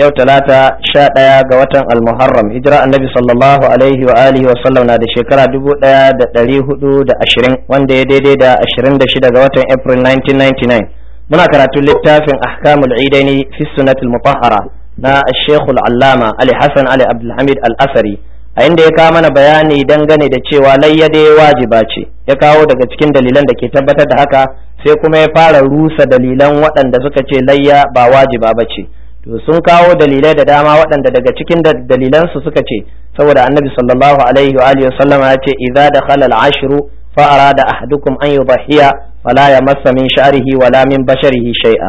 yau talata sha ɗaya ga watan almuharram hijira annabi sallallahu alaihi wa alihi sallam na da shekara dubu ɗaya da ɗari hudu da ashirin wanda ya daidai da ashirin da shida ga watan april 1999 muna karatun littafin ahkamul idaini fi sunatul mutahhara na shekul allama ali hassan ali abdulhamid al-asari a inda ya kawo mana bayani dangane da cewa layyade wajiba ce ya kawo daga cikin dalilan da ke tabbatar da haka sai kuma ya fara rusa dalilan waɗanda suka ce layya ba wajiba ba ce to sun kawo dalilai da dama waɗanda daga cikin dalilansu suka ce saboda annabi sallallahu alaihi wa alihi sallam ya ce idza dakhala al-ashru fa arada ahadukum an yudhiya fala yamassa min sha'rihi wala min basharihi shay'a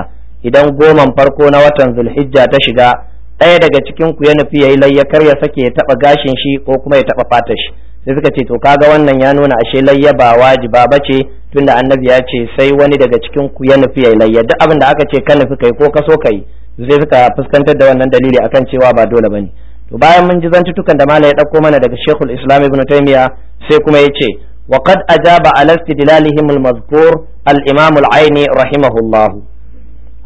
idan goman farko na watan zulhijja ta shiga ɗaya daga cikin ku ya nufi yayi layyakar ya sake ya taba gashin shi ko kuma ya taba fatar shi sai suka ce to kaga wannan ya nuna ashe layya ba wajiba bace tunda annabi ya ce sai wani daga cikin ku ya nufi yayi layya duk abin da aka ce ka nufi kai ko ka so kai zai suka fuskantar da wannan dalili akan cewa ba dole bane to bayan mun ji zantutukan da malai ya dauko mana daga Sheikhul Islam Ibn Taymiyyah sai kuma yace wa qad ajaba ala istidlalihim al-mazkur al-Imam al-Aini rahimahullah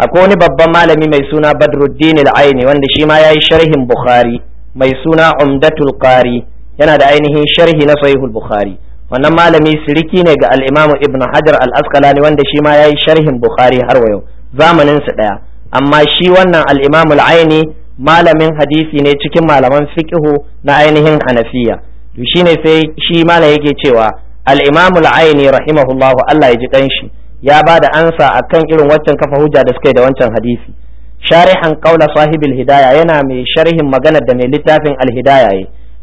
akwai wani babban malami mai suna Badruddin al-Aini wanda shi ma yayi sharhin Bukhari mai suna Umdatul Qari yana da ainihin sharhi na Sahihul Bukhari wannan malami siriki ne ga al-Imam Ibn Hajar al-Asqalani wanda shi ma yayi sharhin Bukhari har wa yau zamanin su daya amma shi wannan al'imamul aini malamin hadisi ne cikin malaman fiƙihu na ainihin hanafiya shi ne sai shi malam yake cewa al-imamul aini rahimahullahu Allah ya ji ƙanshi ya ba da ansa akan irin waccan kafa hujja da suka yi da wancan hadisi sharihan ƙaula sahibul hidaya yana mai sharhin maganar da mai littafin alhidaya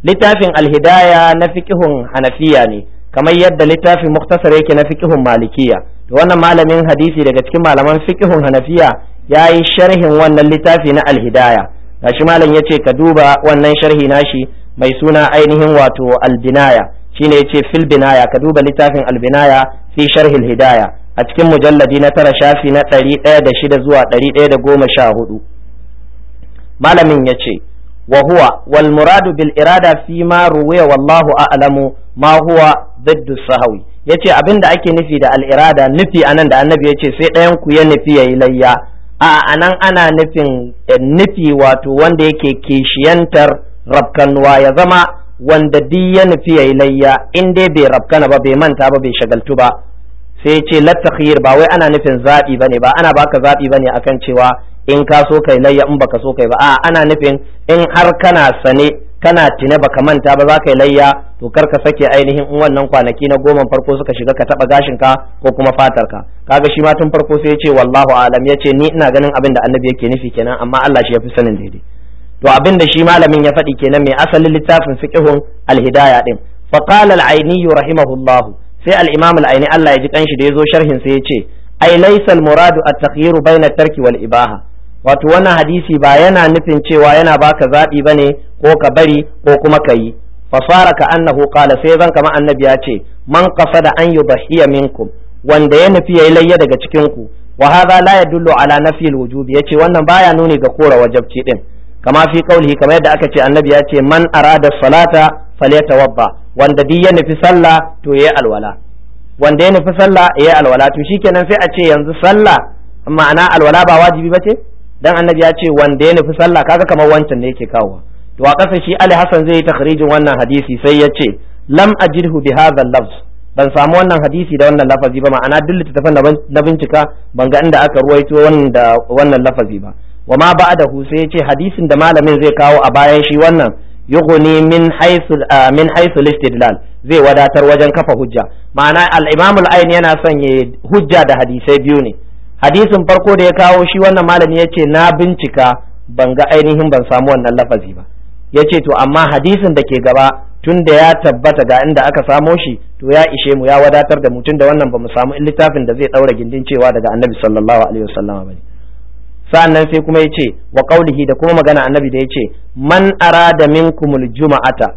littafin Alhidaya na fiqhun hanafiya ne kamar yadda littafin muktasar yake na fiqhun malikiya Da wannan malamin hadisi daga cikin malaman fiqhun hanafiya ya yi sharhin wannan littafi na alhidaya gashi malam ya ce ka duba wannan sharhi nashi mai suna ainihin wato albinaya shine ya ce fil binaya ka duba littafin albinaya fi sharhil hidaya a cikin mujalladi na tara shafi na ɗari ɗaya da shida zuwa ɗari ɗaya da goma sha hudu malamin ya ce wa huwa wal muradu bil irada fi ma ruwiya wallahu a'lamu ma huwa biddu sahawi yace abinda ake nufi da al irada nufi anan da annabi yace sai ɗayan ku ya nufi yayi layya a anan ana nufin eh, nufi wato wanda yake kishiyantar rabkanuwa ya zama wanda duk ya nufi ya yi layya in dai bai rabkana ba bai manta ba bai shagaltu ba sai ce lattakhir ba wai ana nufin zaɓi bane ba ana baka zaɓi bane akan cewa in ka so kai layya in baka so kai ba a ana nufin in har kana sane kana tine baka manta ba za ka yi layya to kar ka sake ainihin in wannan kwanaki na goma farko suka shiga ka taba gashin ka ko kuma fatar ka kaga shi ma tun farko sai yace wallahu alam yace ni ina ganin abin da annabi yake nufi kenan amma Allah shi yafi sanin daidai to abin da shi malamin ya faɗi kenan mai asalin littafin fiqhun al-hidaya din fa qala al-aini rahimahullah sai al-imam al-aini Allah ya ji kanshi da yazo sharhin sai yace ai laysa al-muradu at-takhyir bayna at-tarki wal-ibaha wato wannan hadisi ba yana nufin cewa yana baka zaɓi bane ko ka bari ko kuma ka yi fasara ka annahu qala sai zan kama annabi ya ce man qasada an yubahiya minkum wanda ya nufi yayi layya daga cikin ku wa hadha la yadullu ala nafyil wujubi yace wannan baya nuni ga kora wajabci din kama fi qaulihi kamar yadda aka ce annabi ya ce man arada salata falyatawadda wanda duk ya nufi sallah to yayi alwala wanda ya nufi sallah yayi alwala to shikenan sai a ce yanzu sallah ma'ana alwala ba wajibi bace dan annabi ya ce wanda ya nufi sallah kaga kamar wancan ne yake kawo to a kasa shi Ali Hassan zai yi takhrijin wannan hadisi sai ya ce lam ajidhu bi hadha lafz ban samu wannan hadisi da wannan lafazi ba ma'ana duk littattafan na bincika ban ga inda aka ruwaito wanda wannan lafazi ba wa ma ba'dahu sai ya ce hadisin da malamin zai kawo a bayan shi wannan yughni min haythu ah, min haythu istidlal zai wadatar wajen kafa hujja ma'ana al-imam al-ayn yana son hujja da hadisai biyu ne hadisin farko da ya kawo shi wannan malami ya ce na bincika ban ga ainihin ban samu wannan lafazi ba ya ce to amma hadisin da ke gaba tun da ya tabbata ga inda aka samo shi to ya ishe mu ya wadatar da mutum da wannan ba mu samu in littafin da zai ɗaura gindin cewa daga annabi sallallahu alaihi wasallama bane sa'annan sai kuma ya ce wa qaulihi da kuma magana annabi da ya ce man arada minkumul juma'ata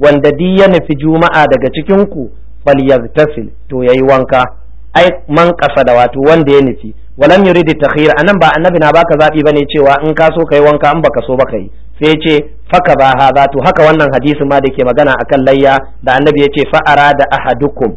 wanda di ya nufi juma'a daga cikin ku falyagtasil to yayi wanka ai man da wato wanda ya nufi walam yurid takhir anan ba annabi na baka zabi bane cewa in ka so kai wanka in baka so ba yi. sai ya ce faka ba hadha to haka wannan hadisi ma da ke magana akan layya da annabi ya ce fa arada ahadukum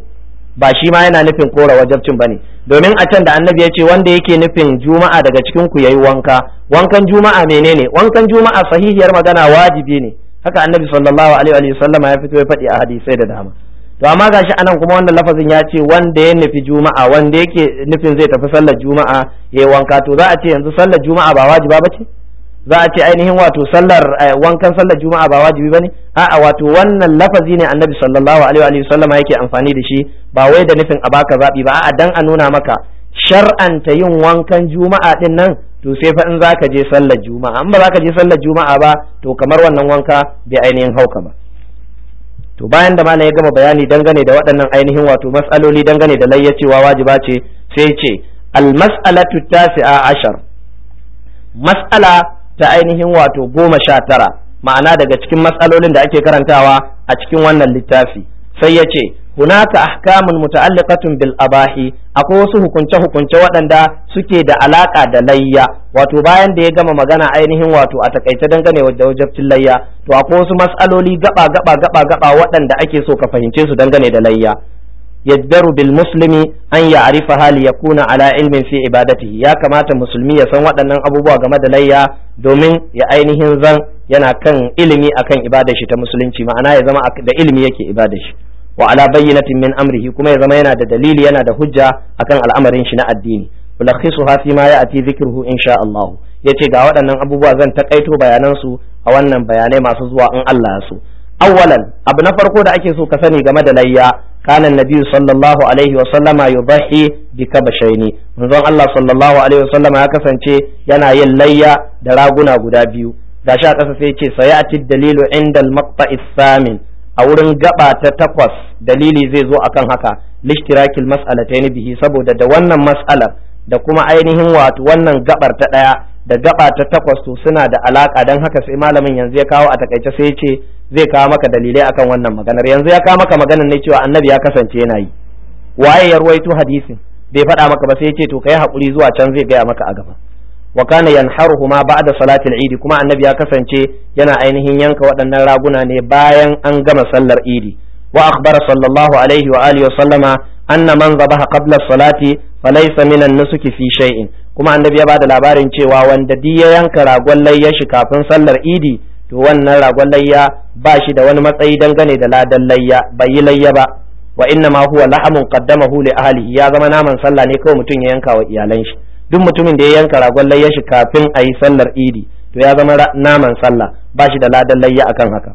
ba shi ma yana nufin kora wajabcin bane domin a can da annabi ya ce wanda yake nufin juma'a daga cikin ku yayi wanka wankan juma'a menene wankan juma'a sahihiyar magana wajibi ne haka annabi sallallahu alaihi wa sallama ya fito ya faɗi a hadisai da dama to amma gashi anan kuma wannan lafazin ya ce wanda ya nufi juma'a wanda yake nufin zai tafi sallar juma'a ya yi wanka to za a ce yanzu sallar juma'a ba wajiba bace za a ce ainihin wato sallar eh, wankan sallar juma'a ba wajibi bane a'a wato wannan lafazi ne annabi sallallahu alaihi wa sallama yake amfani da shi ba wai da nufin a baka zabi ba a'a dan a nuna maka shar'anta yin wankan juma'a din nan to sai fa in zaka je sallar juma'a in ba zaka je sallar juma'a ba to kamar wannan wanka bai ainihin hauka ba to bayan da malam ya gama bayani dangane da waɗannan ainihin wato mas'aloli dangane da layyacewa wajiba ce sai ce al mas'alatu tasi'a ashar mas'ala ta ainihin wato goma sha tara ma'ana daga cikin mas'alolin da ake karantawa a cikin wannan littafi sai ya ce hunaka ahkamun muta'alliqatun bil abahi akwai wasu hukunce hukunce waɗanda suke da alaka da layya wato bayan da ya gama magana ainihin wato a takaice dangane da wajabcin layya to akwai wasu mas'aloli gaba gaba gaba gaba waɗanda ake so ka fahimce su dangane da layya yaddaru bil muslimi an ya'rifa hali yakuna ala ilmin fi ibadatihi ya kamata musulmi ya san waɗannan abubuwa game da layya domin ya ainihin zan yana kan ilimi akan ibadar shi ta musulunci ma'ana ya zama da ilimi yake ibadar shi wa ala bayyinatin min amrihi kuma ya zama yana da dalili yana da hujja akan al'amarin shi na addini ulakhisuha fi ma ya'ti dhikruhu insha Allah yace ga waɗannan abubuwa zan takaito bayanan su a wannan bayanai masu zuwa in Allah ya so awwalan abu na farko da ake so ka sani game da layya kana nabiyyu sallallahu alaihi wa sallama yudhi bi kabashaini manzon Allah sallallahu alaihi wa sallama ya kasance yana yin layya da raguna guda biyu gashi a ƙasa sai yace sayati dalilu inda al-maqta'is samin a wurin gaba ta takwas dalili zai zo akan haka lishtirakil mas'alatayn bihi saboda da wannan mas'alar da kuma ainihin wato wannan gabar ta daya da gaba ta takwas to suna da alaka dan haka sai malamin yanzu ya kawo a takaice sai ya ce zai kawo maka dalilai akan wannan maganar yanzu ya kawo maka maganar ne cewa annabi ya kasance yana yi waye ya ruwaito hadisin bai faɗa maka ba sai ya ce to kai hakuri zuwa can zai gaya maka a gaba wa kana yanharuhuma ba'da salatil idi kuma annabi ya kasance yana ainihin yanka waɗannan raguna ne bayan an gama sallar idi wa akhbara sallallahu alaihi wa alihi wa sallama anna man zabaha qabla salati falaysa minan nusuki fi shay'in kuma annabi ya bada labarin cewa wanda di ya yanka ragon layyashi kafin sallar idi to wannan ragon layya ba shi da wani matsayi dangane da ladan layya bai yi layya ba wa inna ma huwa lahamun qaddamahu li ahlihi ya zama naman sallah ne kawai mutum ya yanka wa iyalan shi duk mutumin da ya yanka ragon layya shi kafin a yi sallar idi to ya zama naman sallah ba shi da ladan layya akan haka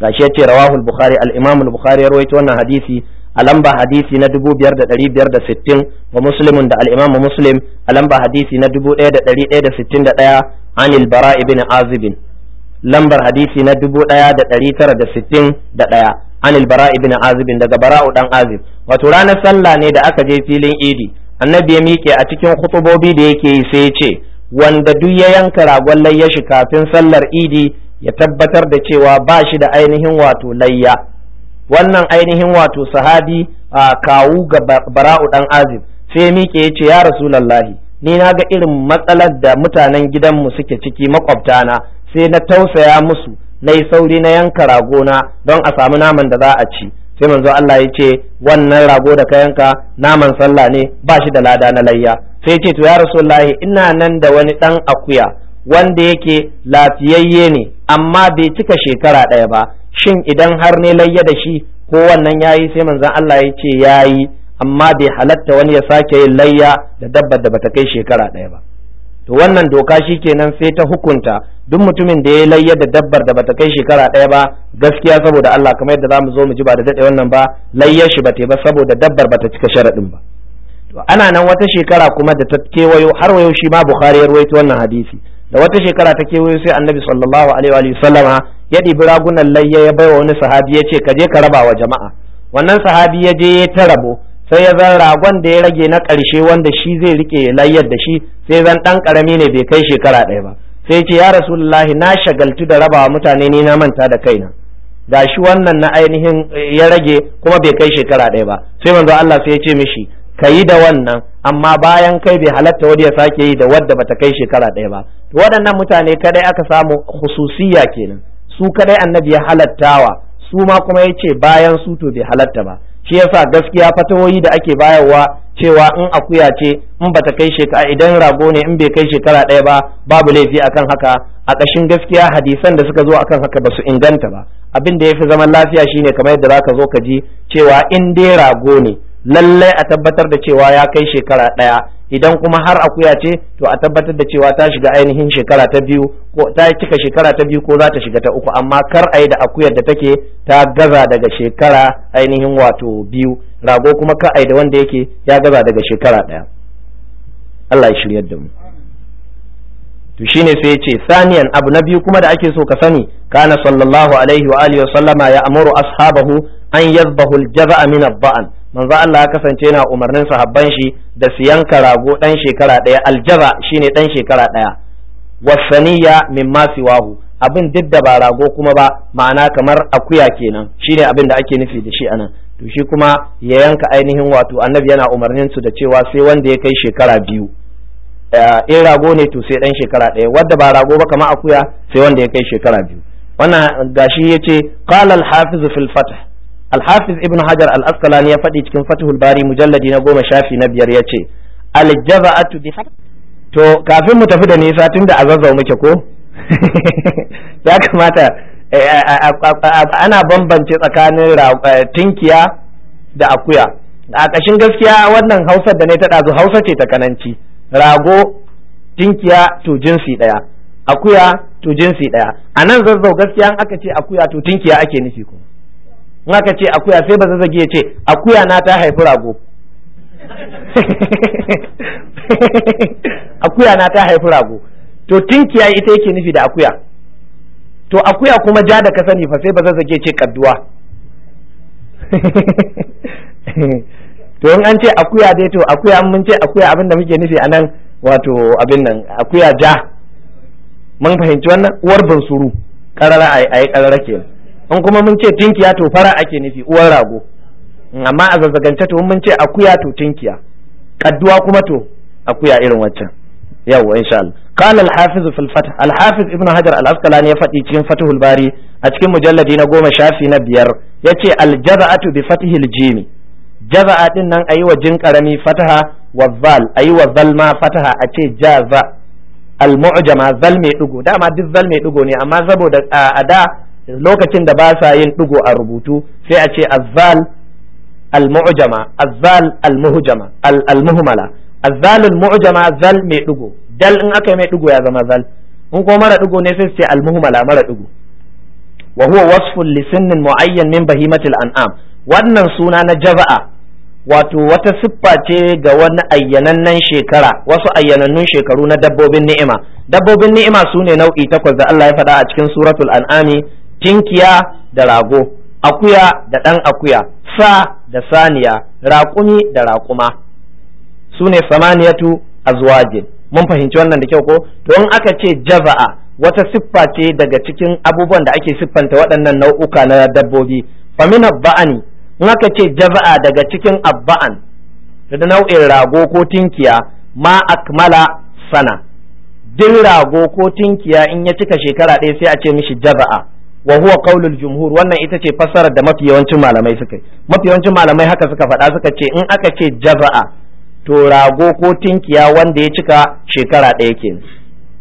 gashi ya ce rawahul bukhari al-imam al-bukhari ya rawaito wannan hadisi a lamba hadisi na 5560 wa muslimun da al-imam muslim a lamba hadisi na 1161 anil bara ibn azib lambar hadisi na 1961 anil bara ibn azib daga bara'u dan azib wato ranar sallah ne da aka je filin idi annabi ya miƙe a cikin khutubobi da yake yi sai ya ce wanda duk ya yanka ragon layya shi kafin sallar idi ya tabbatar da cewa ba shi da ainihin wato layya wannan ainihin wato sahabi a kawu ga bara'u dan azib sai ya miƙe ya ce ya rasulallahi ni na ga irin matsalar da mutanen gidanmu suke ciki makwabtana sai na tausaya musu na yi sauri na yanka ragona don a samu naman da za a ci sai manzo Allah ya ce wannan rago da ka yanka naman sallah ne ba shi da lada na layya sai ce to ya rasulullahi ina nan da wani dan akuya wanda yake lafiyayye ne amma bai cika shekara ɗaya ba shin idan har ne layya da shi ko wannan yayi sai manzon Allah ya ce yayi amma bai halatta wani ya sake yin layya da dabbar da bata kai shekara ɗaya ba to wannan doka shi kenan sai ta hukunta duk mutumin da ya layya da dabbar da bata kai shekara ɗaya ba gaskiya saboda Allah kamar yadda zamu zo mu ji ba da dade wannan ba layyar shi bata ba saboda dabbar bata cika sharadin ba to ana nan wata shekara kuma da ta kewayo har wayo shi ma Bukhari ya ruwaito wannan hadisi da wata shekara ta kewayo sai Annabi sallallahu alaihi wa sallama ya dibi ragunan layya ya baiwa wani sahabi ya ce ka je ka raba wa jama'a wannan sahabi ya je ya ta rabo sai ya zan ragon da ya rage na ƙarshe wanda shi zai rike layyar da shi sai zan ɗan karami ne bai kai shekara ɗaya ba sai ce ya rasulullahi na shagaltu da rabawa mutane ne na manta da kaina Ga shi wannan na ainihin eh, ya rage kuma bai kai shekara ɗaya ba sai manzo Allah sai ya ce mishi ka yi da wannan amma bayan kai bai halatta wani ya sake yi da wadda bata kai shekara ɗaya ba waɗannan mutane kadai aka samu khususiya kenan su kadai annabi ya halattawa su ma kuma ya ce bayan su to bai halatta ba shi yasa gaskiya fatawoyi da ake bayarwa cewa in akuya ce in bata kai shekara idan rago ne in bai kai shekara ɗaya ba babu laifi akan haka a ƙashin gaskiya hadisan da suka zo akan haka ba su inganta ba abin da ya fi zaman lafiya shine kamar yadda zaka zo ka ji cewa in dai rago ne lallai a tabbatar da cewa ya kai shekara ɗaya idan kuma har akuya ce to a tabbatar da cewa ta shiga ainihin shekara ta biyu ko ta cika shekara ta biyu ko za ta shiga ta uku amma kar a yi da akuyar da take ta gaza daga shekara ainihin wato biyu rago kuma kar a yi da wanda yake ya gaza daga shekara ɗaya Allah ya shiryar da mu shine sai ya ce saniyan abu na biyu kuma da ake so ka sani kana sallallahu alaihi wa alihi wa sallama ya amuru ashabahu an yadhbahu al-jaza'a min ad manzo Allah ya kasance yana umarnin sahabban shi da su yanka rago dan shekara daya aljaza shine dan shekara daya wasaniya ma siwahu abin duk da ba rago kuma ba ma'ana kamar akuya kenan shine abin da ake nufi da shi anan to shi kuma ya yanka ainihin wato annabi yana umarnin su da cewa sai wanda ya kai shekara biyu Eh, in rago ne to sai dan shekara ɗaya wadda ba rago ba kamar akuya sai wanda ya kai shekara biyu wannan gashi yace qala al-hafiz fil fath al-hafiz ibn hajar al-asqalani ya faɗi cikin fathul bari mujalladi na goma shafi na biyar ya yace al-jaza'atu bi to kafin mu tafi da nisa tunda a zazzau muke ko ya kamata eh, eh, ana bambance tsakanin tinkiya da akuya a ƙashin gaskiya wannan hausar da ne ta ɗazu hausa ce ta kananci rago tinkiya to jinsi ɗaya akuya to jinsi ɗaya a nan zazzau gaskiya in aka ce akuya to tinkiya ake nufi kuma in aka ce akuya sai ba zazzage ya ce akuya na ta haifi rago akuya na ta haifi rago to tinkiya ita yake nufi da akuya to akuya kuma ja da ka sani fa sai ba zazzage ce kadduwa to in an ce akuya dai to akuya an mun ce akuya abin da muke nufi anan wato abin nan akuya ja mun fahimci wannan uwar bansuru karara a yi karara ke in kuma mun ce tinkiya to fara ake nufi uwar rago mm, amma a zazzagance to mun ce akuya to tinkiya kadduwa kuma to akuya irin waccan yawa insha Allah قال الحافظ في الفتح الحافظ ابن حجر العسقلاني يفتي cikin fathul bari a cikin mujalladi na goma shafi na biyar yace aljaza'atu bi fathil jimi jaza'a din nan ayi wa jin karami fataha wa zal ayi wa ma fataha a ce jaza al mu'jama zal mai digo dama duk zal mai digo ne amma saboda a da lokacin da ba sa yin digo a rubutu sai a ce azzal al mu'jama azzal al muhjama al muhmala azzal al mu'jama zal mai digo dal in aka yi mai digo ya zama zal in ko mara digo ne sai su ce al muhmala mara digo wa huwa wasfun li sinnin mu'ayyan min bahimatil an'am wannan suna na jaza'a wato wata siffa ce ga wani ayyanannen shekara wasu ayyanannun shekaru na dabbobin ni'ima dabbobin ni'ima su ne nau'i takwas da Allah ya faɗa a cikin suratul an'ami tinkiya da rago akuya da ɗan akuya sa da saniya raƙumi da raƙuma su ne samaniyatu azwajin mun fahimci wannan da kyau ko to in aka ce jaza'a wata siffa ce daga cikin abubuwan da ake siffanta waɗannan nau'uka na dabbobi famina ba'ani in aka ce jaba'a daga cikin abba'an da nau'in rago ko tinkiya ma akmala sana duk rago ko tinkiya in ya cika shekara ɗaya sai a ce mishi jaba'a wa huwa qaulul jumhur wannan ita ce fassarar da mafi yawancin malamai suka yi mafi yawancin malamai haka suka faɗa suka ce in aka ce jaba'a, to rago ko tinkiya wanda ya cika shekara ɗaya kenan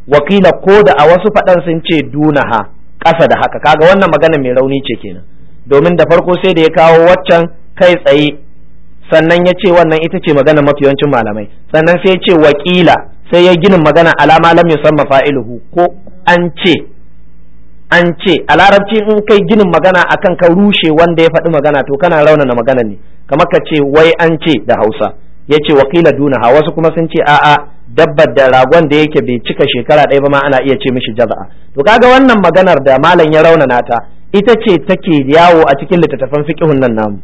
wakila ko da a wasu faɗan sun ce dunaha ƙasa da haka kaga wannan magana mai rauni ce kenan domin da farko sai da ya kawo waccan kai tsaye sannan ya ce wannan ita ce magana mafi yawancin malamai sannan sai ya ce wakila sai ya ginin magana alama lam yusamma fa'iluhu ko an ce an ce a larabci in kai ginin magana akan ka rushe wanda ya faɗi magana to kana raunana magana ne kamar ka ce wai an ce da Hausa ya ce wakila duna ha wasu kuma sun ce a'a dabbar da ragon da yake bai cika shekara ɗaya ba ma ana iya ce mishi jaza'a to kaga wannan maganar da malam ya raunana ta ita ce take yawo a cikin littattafan fiqhun nan namu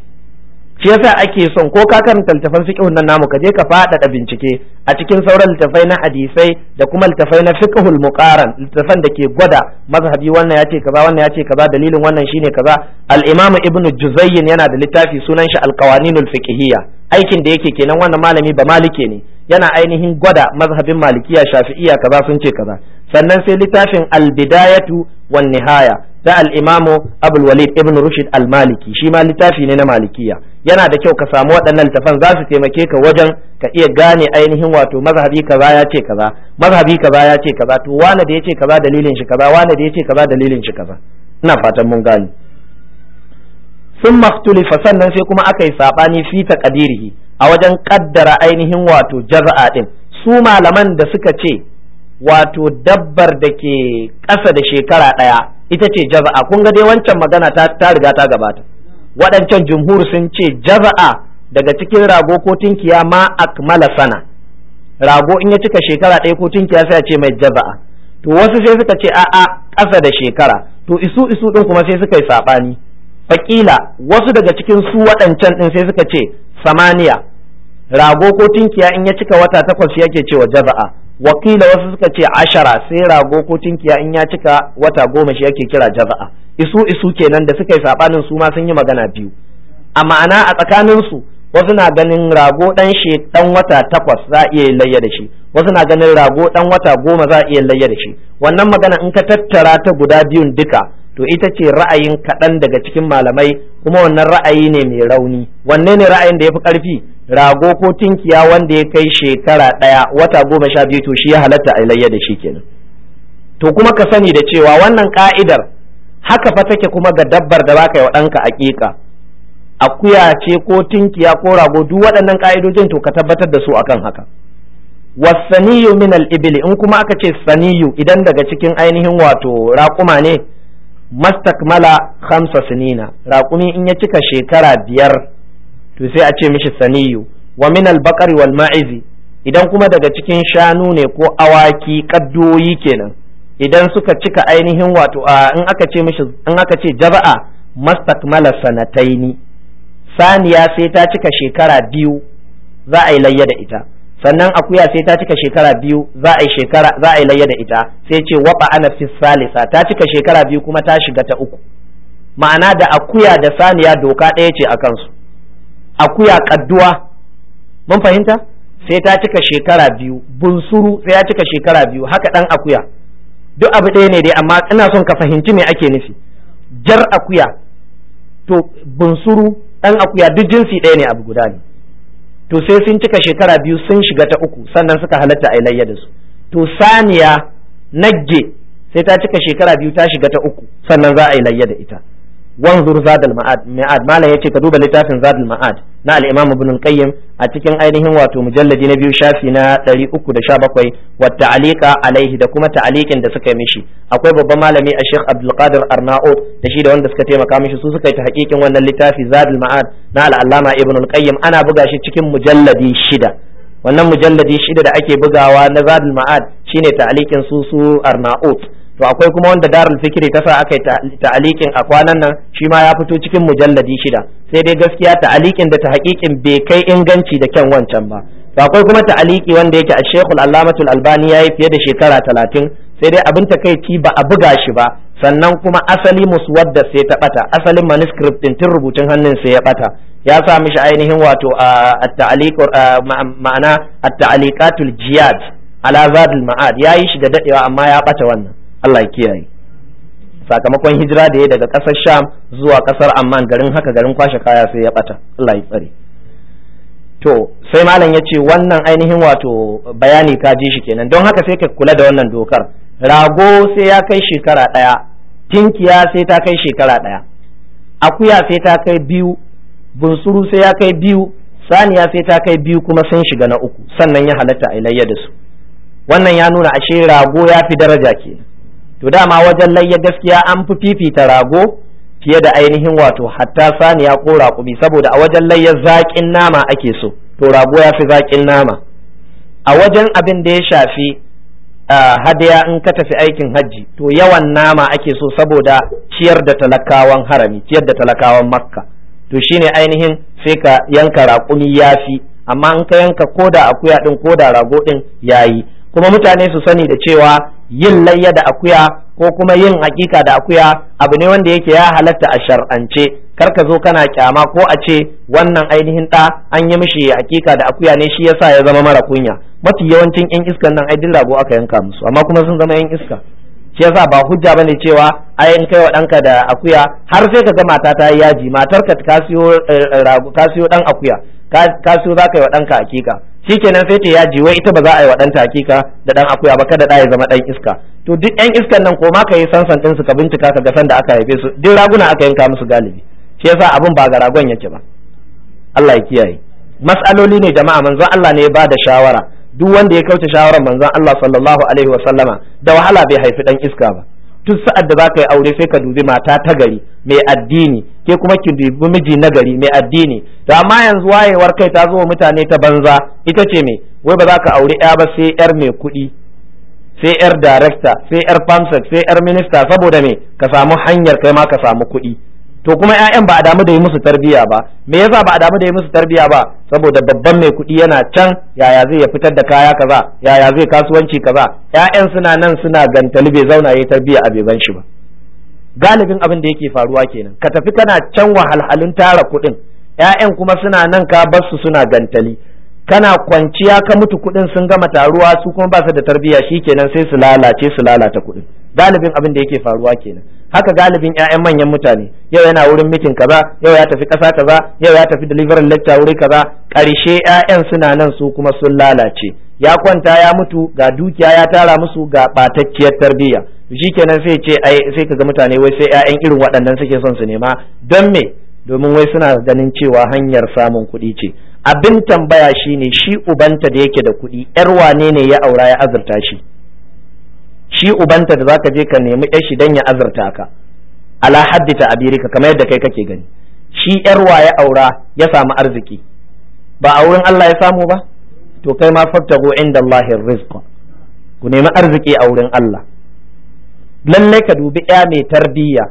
shi yasa ake son ko ka karanta littattafan fiqhun nan namu ka je ka faɗaɗa bincike a cikin sauran littattafai na hadisai da kuma littattafai na fiqhul muqaran littattafan da ke gwada mazhabi wannan yace kaza wannan yace kaza dalilin wannan shine kaza al-imam ibn juzayyin yana da littafi sunan shi al-qawaninul fiqhiyya aikin da yake kenan wannan malami ba malike ne yana ainihin gwada mazhabin malikiya shafi'iya kaza sun ce kaza sannan sai littafin al-bidayatu wan nihaya da al’imamu abul walid ibn rushid al-maliki shi ma littafi ne na malikiya yana da kyau ka samu waɗannan littafan za su taimake ka wajen ka iya gane ainihin wato mazhabi kaza ya ce kaza mazhabi kaza ya ce kaza to wane da ya ce kaza dalilin shi kaza wane da ya ce kaza dalilin shi kaza ina fatan mun gane sun fa sannan sai kuma aka yi saɓani fi kadirihi a wajen kaddara ainihin wato jaza'a din su malaman da suka ce wato dabbar da ke ƙasa da shekara ɗaya ita ce jaza'a kun ga dai wancan magana ta riga ta gabata waɗancan jumhur sun ce jaza'a daga cikin rago ko tinkiya ma akmala sana rago in ya cika shekara ɗaya ko tinkiya sai a ce mai jaza'a to wasu sai suka ce a'a ƙasa da shekara to isu isu ɗin kuma sai suka yi saɓani faƙila wasu daga cikin su waɗancan ɗin sai suka ce samaniya rago ko tinkiya in ya cika wata takwas yake cewa jaza'a wakila wasu suka ce ashara sai rago ko tinkiya in ya cika wata goma shi yake kira jaza'a isu isu kenan da suka yi sabanin su ma sun yi magana biyu a ma'ana a tsakanin su wasu na ganin rago dan she dan wata takwas za a iya layya da shi wasu na ganin rago dan wata goma za a iya layya da shi wannan magana in ka tattara ta guda biyun duka to ita ce ra'ayin kaɗan daga cikin malamai kuma wannan ra'ayi ne mai rauni wanne ne ra'ayin da ya fi ƙarfi rago ko tinkiya wanda ya kai shekara ɗaya wata goma sha biyu to shi ya halatta a layya da shi kenan to kuma ka sani da cewa wannan ka'idar haka fa take kuma ga dabbar da baka yi wa ɗanka aƙiƙa akuya ce ko tinkiya ko rago duk waɗannan ka'idojin to ka tabbatar da su akan haka wasaniyu min al-ibli in kuma aka ce saniyu idan daga cikin ainihin wato raƙuma ne mastakmala khamsa sinina raƙumi in ya cika shekara biyar to sai a ce mishi saniyu wa min al wal ma'izi idan kuma daga cikin shanu ne ko awaki kaddoyi kenan idan suka cika ainihin wato in aka ce mishi in aka ce jaba'a mastakmala sanataini saniya sai ta cika shekara biyu za a yi layya da ita sannan akuya sai ta cika shekara biyu za a yi shekara za a yi layya da ita sai ce waba ana fi salisa ta cika shekara biyu kuma ta shiga ta uku ma'ana da akuya da saniya doka ɗaya ce a kansu akuya kadduwa mun fahimta sai ta cika shekara biyu bunsuru sai ya cika shekara biyu haka ɗan akuya duk abu ɗaya ne dai amma ina son ka fahimci me ake nufi jar akuya to bunsuru ɗan akuya duk jinsi ɗaya ne abu guda ne to sai sun cika shekara biyu sun shiga ta uku sannan suka halatta a ilayya da su to saniya nagge sai ta cika shekara biyu ta shiga ta uku sannan za a yi layye da ita wanzur zadul ma'ad ma'ad mala yace ka duba littafin zadul ma'ad na al-imam ibn al-qayyim a cikin ainihin wato mujalladi na biyu shafi na 317 wa ta'liqa alaihi da kuma ta'liqin da suka mishi akwai babban malami a Sheikh Abdul Qadir Arnaud da shi da wanda suka taimaka mishi su suka yi hakikin wannan littafi zadul ma'ad na al-allama ibn al-qayyim ana buga shi cikin mujalladi shida wannan mujalladi shida da ake bugawa na zadul ma'ad shine ta'liqin su su Arnaud to akwai kuma wanda darul fikri ta sa aka yi ta'alikin a kwanan nan shi ma ya fito cikin mujalladi shida sai dai gaskiya ta'alikin da ta hakikin bai kai inganci da kyan wancan ba to akwai kuma ta'aliki wanda yake a shekul allamatul albani ya yi fiye da shekara talatin sai dai abin takaici ba a buga shi ba sannan kuma asali muswadda sai ta bata asalin manuscript din tun rubutun hannun sai ya bata ya sa mishi ainihin wato at-ta'aliq ma'ana at-ta'aliqatul jiyad ala zadul ma'ad yayi shi da dadewa amma ya bata wannan Allah ya kiyaye sakamakon hijira da ya daga kasar sham zuwa kasar amman garin haka garin kwashe kaya sai ya bata Allah ya tsare to sai malam ya ce wannan ainihin wato bayani ka ji shi kenan don haka sai ka kula da wannan dokar rago sai ya kai shekara ɗaya tinkiya sai ta kai shekara ɗaya akuya sai ta kai biyu bunsuru sai ya kai biyu saniya sai ta kai biyu kuma sun shiga na uku sannan ya halatta a ilayya da su wannan ya nuna ashe rago ya fi daraja kenan to dama wajen layya gaskiya an fi fifita rago fiye da ainihin wato hatta saniya ko raƙumi saboda a wajen layya zaƙin nama ake so to rago ya fi zaƙin nama a wajen abin da ya shafi hadaya in ka tafi aikin hajji to yawan nama ake so saboda ciyar da talakawan harami ciyar da talakawan makka to shine ainihin sai ka yanka raƙumi yafi amma in ka yanka koda akuya din koda rago din yayi kuma mutane su sani da cewa yin layya da akuya ko kuma yin hakika da akuya abu ne wanda yake ya halatta a shar'ance kar ka zo kana kyama ko a ce wannan ainihin ɗa an yi mishi hakika da akuya ne shi yasa ya zama mara kunya mafi yawancin yan iskan nan ai dillabo aka yanka musu amma kuma sun zama yan iska shi yasa ba hujja bane cewa ai in kai wa ɗanka da akuya har sai ka ga mata ta yi yaji matar eh, ka siyo rago akuya ka siyo za ka yi wa ɗanka hakika shi nan sai ta yaji wai ita ba za a yi wa ɗanta hakika da ɗan akuya ba kada ɗa ya zama ɗan iska to duk ɗan iskan nan ko ma ka yi sansan ɗinsu ka bincika ka ga da aka haife su duk raguna aka yanka musu galibi shi yasa abin ba ga ragon yake ba Allah ya kiyaye mas'aloli ne jama'a manzon Allah ne ya ba da shawara duk wanda ya kauce shawarar manzon Allah sallallahu alaihi wa sallama da wahala bai haifi ɗan iska ba duk sa'ad da zaka yi aure sai ka dubi mata ta gari mai addini ke kuma ki dubi miji na gari mai addini to amma yanzu wayewar kai ta zo mutane ta banza ita ce me wai ba za ka aure ya ba sai yar mai kuɗi sai yar director sai yar pamsec sai yar minister saboda mai ka samu hanyar kai ma ka samu kuɗi to kuma ƴaƴan ba a damu da yi musu tarbiya ba me yasa ba a damu da yi musu tarbiya ba saboda babban mai kuɗi yana can yaya zai ya fitar da kaya kaza yaya zai kasuwanci kaza ƴaƴan suna nan suna gantali bai zauna yayi tarbiya a beban shi ba galibin abin da yake faruwa kenan ka tafi kana can wahalhalun tara kuɗin ƴaƴan kuma suna nan ka bar su suna gantali kana kwanciya ka mutu kuɗin sun gama taruwa su kuma ba su da shi kenan sai su lalace su lalata kuɗin galibin abin da yake faruwa kenan haka galibin ƴaƴan manyan mutane yau yana wurin mitin kaza yau ya tafi ƙasa kaza yau ya tafi deliver lecture wuri kaza ƙarshe ƴaƴan suna nan su kuma sun lalace ya kwanta ya mutu ga dukiya ya tara musu ga batacciyar tarbiyya kenan sai ce ai sai ga mutane wai sai ƴaƴan irin waɗannan suke son su nema don me domin wai suna ganin cewa hanyar samun kuɗi ce abin tambaya shine shi ubanta da yake da kuɗi ƴar wane ne ya aura ya azurta shi shi ubanta da zaka je ka nemi yar shi dan ya azurta ka ala haddi ta abirika kamar yadda kai kake gani shi yar ya aura ya samu arziki ba a wurin Allah ya samu ba to kai ma fattago inda Allah rizqa ku nemi arziki a wurin Allah lallai ka dubi ya mai tarbiyya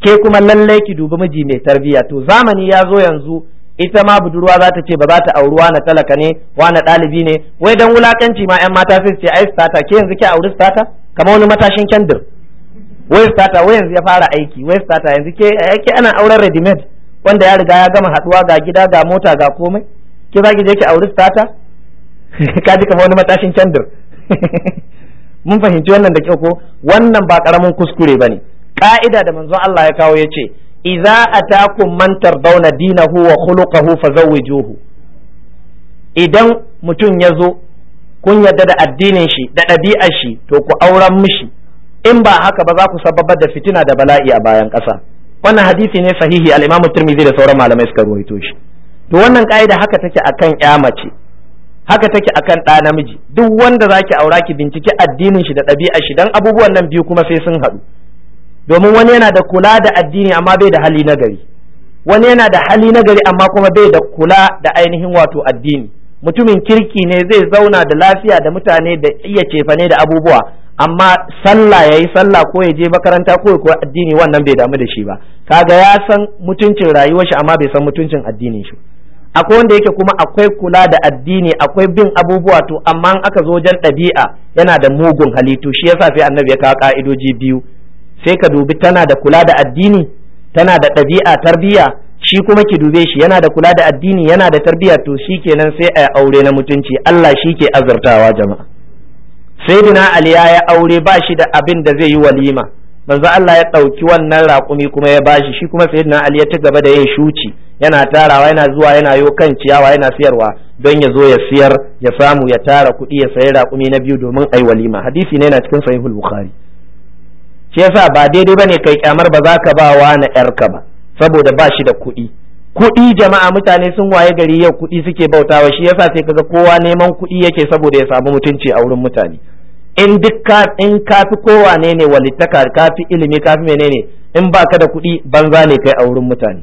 ke kuma lallai ki dubi miji mai tarbiyya to zamani ya zo yanzu ita ma budurwa za ta ce ba za ta auri na talaka ne wani ɗalibi ne wai dan wulakanci ma 'yan mata sai su ce ai stata ke yanzu ki auri stata kamar wani matashin kendir wai starter wai yanzu ya fara aiki wai starter yanzu ke aiki eh, ana auren redimed wanda ya riga ya gama haduwa ga gida ga mota ga komai ke za ki je ki auri starter ka ji kamar wani matashin kendir mun fahimci wannan da kyau ko wannan ba karamin kuskure bane ka'ida da manzon Allah ya kawo yace idza atakum man tardawna dinahu wa khuluquhu fazawwijuhu idan mutum ya zo kun yarda da addinin shi da ɗabi'ar shi to ku auren mishi in ba haka ba za ku sababar da fitina da bala'i a bayan ƙasa wannan hadisi ne sahihi al-Imam Tirmidhi da sauran malamai suka ruwaito shi to wannan ka'ida haka take akan ƴa mace haka take akan ɗa namiji duk wanda zaki aura ki binciki addinin shi da ɗabi'ar shi dan abubuwan nan biyu kuma sai sun haɗu domin wani yana da kula da addini amma bai da hali nagari wani yana da hali nagari amma kuma bai da kula da ainihin wato addini mutumin kirki ne zai zauna da lafiya da mutane da iya cefane da abubuwa amma sallah yayi sallah ko ya je makaranta ko ko addini wannan bai damu da shi ba kaga ya san mutuncin rayuwar shi amma bai san mutuncin addinin shi akwai wanda yake kuma akwai kula da addini akwai bin abubuwa to amma aka zo wajen ɗabi'a yana da mugun halittu. to shi yasa sai annabi ya kawo ka'idoji biyu sai ka dubi tana da kula da addini tana da ɗabi'a tarbiyya shi kuma ki dube shi yana da kula da addini yana da tarbiyya to shi kenan sai a aure na mutunci Allah shi ke azurtawa jama'a sayyidina ali ya aure ba shi da abin da zai yi walima manzo Allah ya ɗauki wannan raƙumi kuma ya ba shi Shi kuma sayyidina Ali ya ci gaba da yin shuci yana tarawa yana zuwa yana yo kan ciyawa yana siyarwa don ya zo ya siyar ya samu ya tara kuɗi ya sayi raƙumi na biyu domin ai walima hadisi ne yana cikin sahihul bukhari shi yasa ba daidai bane kai kyamar ba za ka ba wa na yarka ba saboda ba shi da kuɗi kuɗi jama'a mutane sun waye gari yau kuɗi suke bautawa shi yasa sai kaga kowa neman kuɗi yake saboda ya samu mutunci a wurin mutane in duk ka in ka kowa ne ne walittaka ka ilimi ka fi menene in ba ka da kuɗi banza ne kai a wurin mutane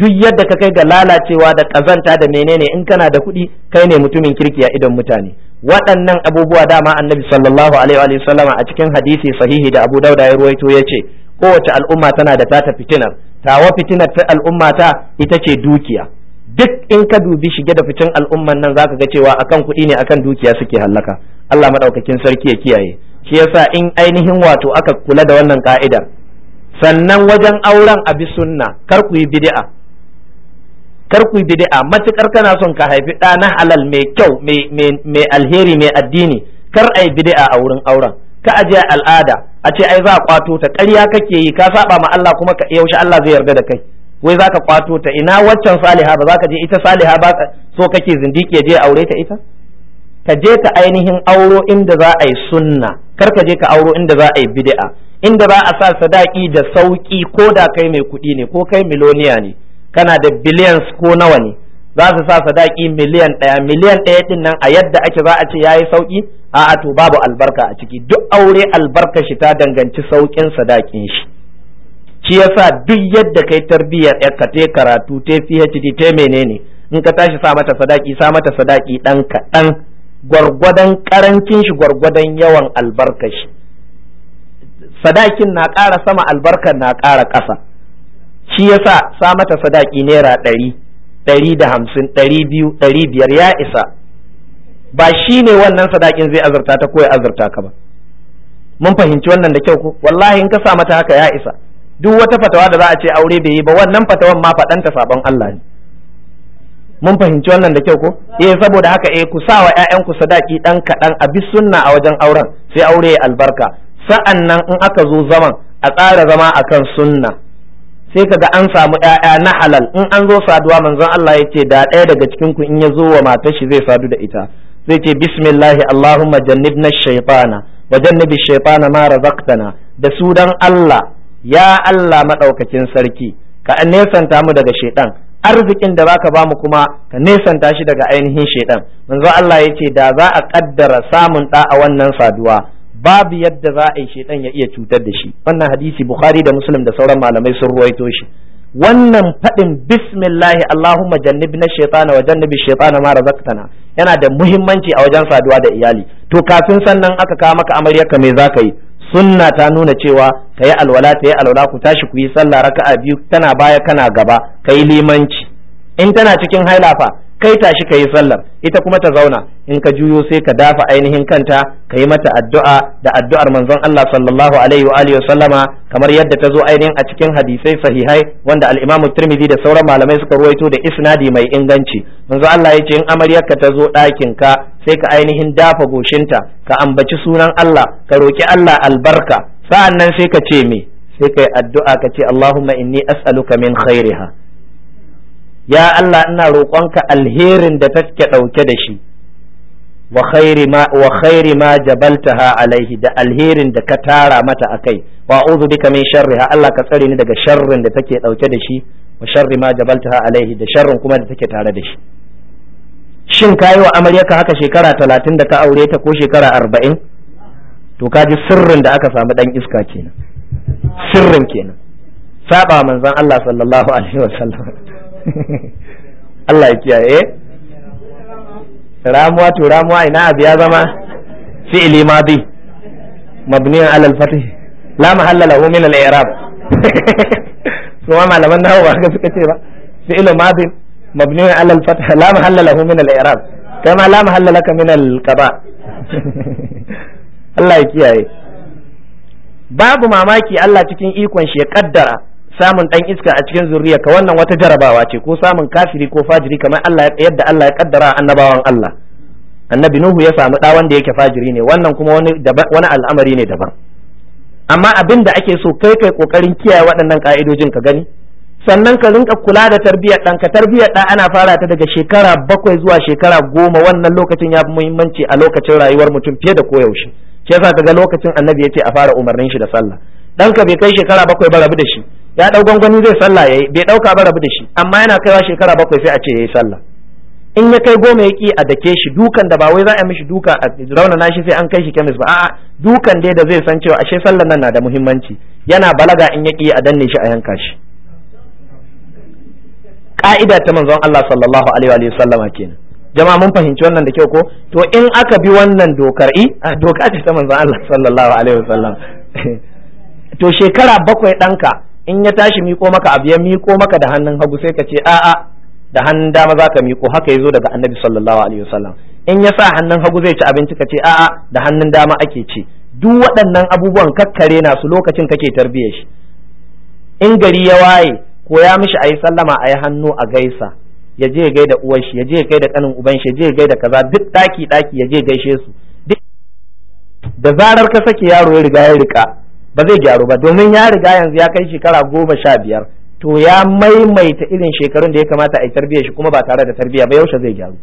duk yadda ka kai ga lalacewa da kazanta da menene in kana da kuɗi kai ne mutumin kirki a idon mutane waɗannan abubuwa dama annabi sallallahu alaihi wa sallama a cikin hadisi sahihi da abu dauda ya ruwaito ya ce, kowace al'umma tana da tata fitinar tawa fitinar ta al'umma ta ita ce dukiya duk in ka dubi shige da ficin al'umman nan zaka ga cewa akan kuɗi ne akan dukiya suke hallaka Allah madaukakin sarki ya kiyaye shi yasa in ainihin wato aka kula da wannan ka'idar sannan wajen auren abi sunna kar ku yi bid'a kar ku yi bid'a matukar kana son ka haifi ɗa na halal mai kyau mai alheri mai addini kar ai bid'a a wurin auren ka aje al'ada a ce ai za a kwato ta ƙarya kake yi ka saba ma Allah kuma ka yaushe Allah zai yarda da kai wai za ka kwato ta ina waccan saliha ba za ka je ita saliha ba so kake zindiki je aure ta ita ka je ka ainihin auro inda za a yi sunna kar ka je ka auro inda za a yi bid'a inda za a sa sadaki da sauki ko da kai mai kuɗi ne ko kai miloniya ne kana da billions ko nawa ne za su sa sadaki miliyan ɗaya miliyan ɗaya ɗin nan a yadda ake za a ce ya yi sauƙi a'a to babu albarka a ciki duk aure albarka shi ta danganci saukin sadakin shi shi yasa duk yadda kai tarbiyyar ka te karatu te PhD te menene in ka tashi sa mata sadaki sa mata sadaki dan kaɗan gwargwadon karancin shi gwargwadon yawan albarka shi sadakin na ƙara sama albarkar na ƙara ƙasa shi yasa sa mata sadaki naira ɗari ɗari da hamsin ɗari biyu ɗari biyar ya isa ba shi ne wannan sadakin zai azurta ta ko ya azurta ka ba mun fahimci wannan da kyau ko wallahi in ka sa mata haka ya isa duk wata fatawa da za a ce aure bai yi ba wannan fatawan ma faɗanta sabon Allah ne mun fahimci wannan da kyau ko eh saboda haka eh ku sawa ku sadaki dan kaɗan a bi sunna a wajen auren sai aure ya albarka sa'annan in aka zo zaman a tsara zama akan sunna sai kaga an samu ‘ya'ya na halal in an zo saduwa manzon Allah ya ce da ɗaya daga cikin ku in ya zo wa matar shi zai sadu da ita zai ce bismillahi allahumma jannibna shaytana wa jannibi shaytana ma razaqtana da sudan Allah ya Allah madaukakin sarki ka nesanta mu daga shaytan arzikin da baka bamu kuma ka nesanta shi daga ainihin shaytan manzo Allah yace da za a kaddara samun da a wannan saduwa babu yadda za a yi shaytan ya iya cutar da shi wannan hadisi bukhari da muslim da sauran malamai sun ruwaito shi wannan faɗin bismillahi Allahumma na shaitana wa jannibi shaitana mara zaktana yana da muhimmanci a wajen saduwa da iyali to kafin sannan aka kawo maka amaryarka me zaka yi sunna ta nuna cewa kayi alwala ta yi alwala ku tashi ku yi sallah raka'a biyu tana baya kana gaba kayi limanci in tana cikin hailafa kai tashi ka yi sallar ita kuma ta zauna in ka juyo sai ka dafa ainihin kanta ka yi mata addu'a da addu'ar manzon Allah sallallahu alaihi wa alihi sallama kamar yadda ta zo ainihin a cikin hadisai sahihai wanda al-Imam Tirmidhi da sauran malamai suka ruwaito da isnadi mai inganci manzon Allah ya ce in ka ta zo ɗakin ka sai ka ainihin dafa goshinta ka ambaci sunan Allah ka roki Allah albarka sa'an nan sai ka ce me sai ka yi addu'a ka ce Allahumma inni as'aluka min khairiha ya Allah ina roƙonka alherin da take ɗauke da shi wa khairi ma jabaltaha alaihi da alherin da ka tara mata akai wa uzu bika min sharriha Allah ka tsare ni daga sharrin da take ɗauke da shi wa sharri ma jabaltaha alaihi da sharrin kuma da take tare da shi shin ka yi wa amaryarka haka shekara talatin da ka aure ta ko shekara arba'in to ka ji sirrin da aka samu ɗan iska kenan sirrin kenan saba manzon Allah sallallahu alaihi wasallam Allah ya kiyaye eh? ramuwa to ramuwa ina abu ya zama fi'ili madi mabniyan alal fatih la mahalla lahu min al-i'rab su ma malaman nawa ba haka suka ce ba fi'lu madi mabniyan alal fatih la mahalla lahu min al-i'rab kama la mahalla laka min al-qada Allah ya kiyaye babu mamaki Allah cikin ikon shi ya kaddara samun ɗan iska a cikin zuriya ka wannan wata jarabawa ce ko samun kafiri ko fajiri kamar Allah yadda Allah ya kaddara annabawan Allah annabi nuhu ya samu da wanda yake fajiri ne wannan kuma wani wani al'amari ne daban amma abin da ake so kai kai kokarin kiyaye waɗannan ka'idojin ka gani sannan ka rinka kula da tarbiyyar ɗan ka tarbiyyar ɗan ana fara ta daga shekara bakwai zuwa shekara goma wannan lokacin ya fi muhimmanci a lokacin rayuwar mutum fiye da koyaushe shi yasa ga lokacin annabi ya ce a fara umarnin shi da sallah ɗanka bai kai shekara bakwai ba rabu da shi ya dau gwangwani zai sallah yayi bai dauka ba rabu da shi amma yana kaiwa shekara bakwai sai a ce yayi sallah in ya kai goma ya ki a dake shi dukan da ba wai za a yi mishi duka a raunana shi sai an kai shi kemis ba a'a dukan dai da zai san cewa ashe sallan nan na da muhimmanci yana balaga in ya ki a danne shi a yanka shi ka'ida ta manzon Allah sallallahu alaihi wa sallama kenan jama'a mun fahimci wannan da kyau ko to in aka bi wannan dokar i doka ce ta manzon Allah sallallahu alaihi wa sallam to shekara bakwai ɗanka in ya tashi miko maka abu ya miko maka da hannun hagu sai ka ce a'a da hannun dama za ka miko haka ya zo daga annabi sallallahu alaihi wasallam in ya sa hannun hagu zai ci abinci ka ce a'a da hannun dama ake ci duk waɗannan abubuwan kakkare na su lokacin kake tarbiyar shi in gari ya waye ko ya mishi ayi sallama ayi hannu a gaisa ya je gai da shi ya je da kanin uban shi ya je gai da kaza duk daki daki ya je gaishe su da zarar ka sake yaro ya riga ya rika ba zai gyaru ba domin ya riga yanzu ya kai shekara goma sha biyar to ya maimaita irin shekarun da ya kamata a yi tarbiyyar shi kuma ba tare da tarbiyya ba yaushe zai gyaru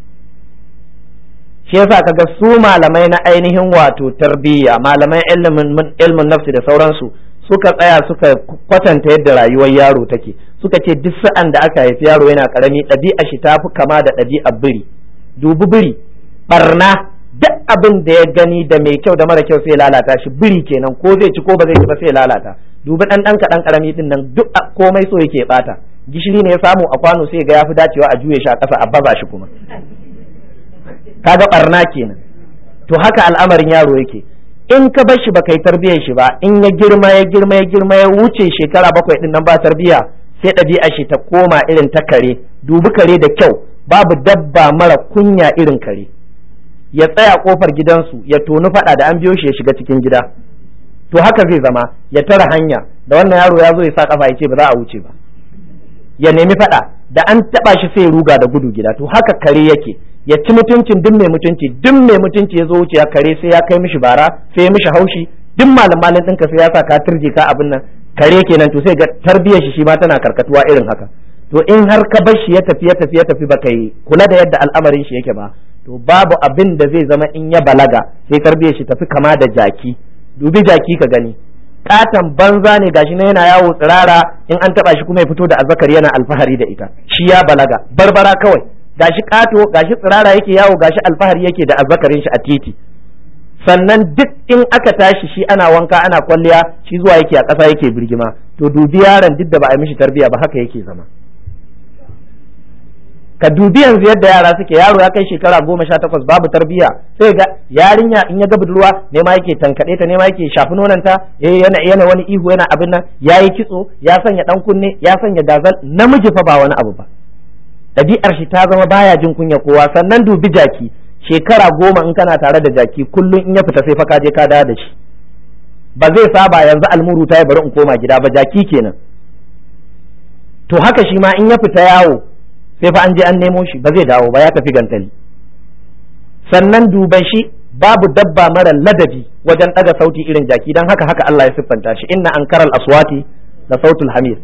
shi yasa ga su malamai na ainihin wato tarbiyya malamai ilimin ilmin nafsi da sauransu suka tsaya suka kwatanta yadda rayuwar yaro take suka ce duk sa'an da aka haifi yaro yana karami ɗabi'a shi ta fi kama da ɗabi'a biri dubi biri barna duk abin da ya gani da mai kyau da mara kyau sai lalata shi biri kenan ko zai ci ko ba zai ci ba sai lalata dubi dan dan kadan karami din nan duk komai so yake bata gishiri ne ya samu a kwano sai ga yafi dacewa a juye shi a kasa a baza shi kuma kaga barna kenan to haka al'amarin yaro yake in ka bar shi ba kai tarbiyar shi ba in ya girma ya girma ya girma ya wuce shekara bakwai din nan ba tarbiya sai ɗabi'a shi ta koma irin ta kare dubi kare da kyau babu dabba mara kunya irin kare ya tsaya kofar gidansu ya toni fada da an biyo shi ya shiga cikin gida to haka zai zama ya tara hanya da wannan yaro ya zo ya sa kafa ya ce ba za a wuce ba ya nemi fada da an taba shi sai ruga da gudu gida to haka kare yake ya ci mutuncin duk mai mutunci duk mai mutunci ya zo wuce ya kare sai ya kai mishi bara sai ya mishi haushi duk malam malam ɗinka sai ya sa ka turje ka abin nan kare kenan to sai ga tarbiyyar shi shi ma tana karkatuwa irin haka to in har ka bar shi ya tafi ya tafi ya tafi baka yi kula da yadda al'amarin shi yake ba to babu abin da zai zama in ya balaga sai karbe shi tafi kama da jaki dubi jaki ka gani katon banza ne gashi na yana yawo tsirara in an taba shi kuma ya fito da azzakar yana alfahari da ita shi ya balaga barbara kawai gashi kato gashi tsirara yake yawo gashi alfahari yake da azzakarin shi a titi sannan duk in aka tashi shi ana wanka ana kwalliya shi zuwa yake a ƙasa yake birgima to dubi yaron duk da ba a mishi tarbiya ba haka yake zama ka dubi yanzu yadda yara suke yaro ya kai shekara goma sha takwas babu tarbiyya sai ga yarinya in ya ga budurwa ne ma yake tankaɗe ta ne ma yake shafi nonanta eh yana yana wani ihu yana abin nan ya yi kitso ya sanya dan kunne ya sanya dazal namiji fa ba wani abu ba ɗabi'ar shi ta zama baya jin kunya kowa sannan dubi jaki shekara goma in kana tare da jaki kullum in ya fita sai fa ka je ka dawo da shi ba zai saba yanzu almuru ta bari in koma gida ba jaki kenan to haka shi ma in ya fita yawo sai fa an je an nemo shi ba zai dawo ba ya tafi gantali sannan duba shi babu dabba mara ladabi wajen ɗaga sauti irin jaki don haka haka Allah ya siffanta shi inna an karal aswati da sautul hamir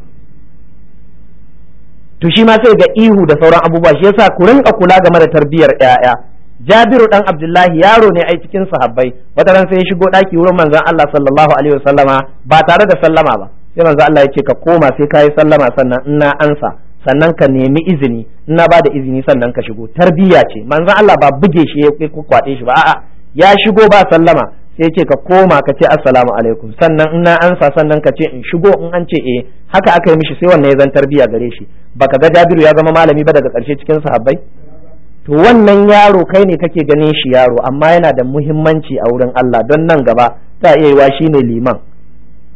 to shi ma sai ga ihu da sauran abubuwa shi yasa ku rinka kula ga mara tarbiyar ƴaƴa Jabiru dan Abdullahi yaro ne ai cikin sahabbai wata ran sai ya shigo daki wurin manzon Allah sallallahu alaihi wasallama ba tare da sallama ba sai manzon Allah ya ce ka koma sai kai sallama sannan ina ansa sannan ka nemi izini ina ba da izini sannan ka shigo tarbiyya ce manzan Allah ba buge shi ya kwaɗe shi ba a'a ya shigo ba sallama sai ce ka koma ka ce assalamu alaikum sannan in ansa sannan ka ce in shigo in an ce eh haka aka yi mishi sai wannan ya zan tarbiyya gare shi baka ga Jabiru ya zama malami ba daga ƙarshe cikin sahabbai to wannan yaro kai ne kake ganin shi yaro amma yana da muhimmanci a wurin Allah don nan gaba ta iya yiwa shine liman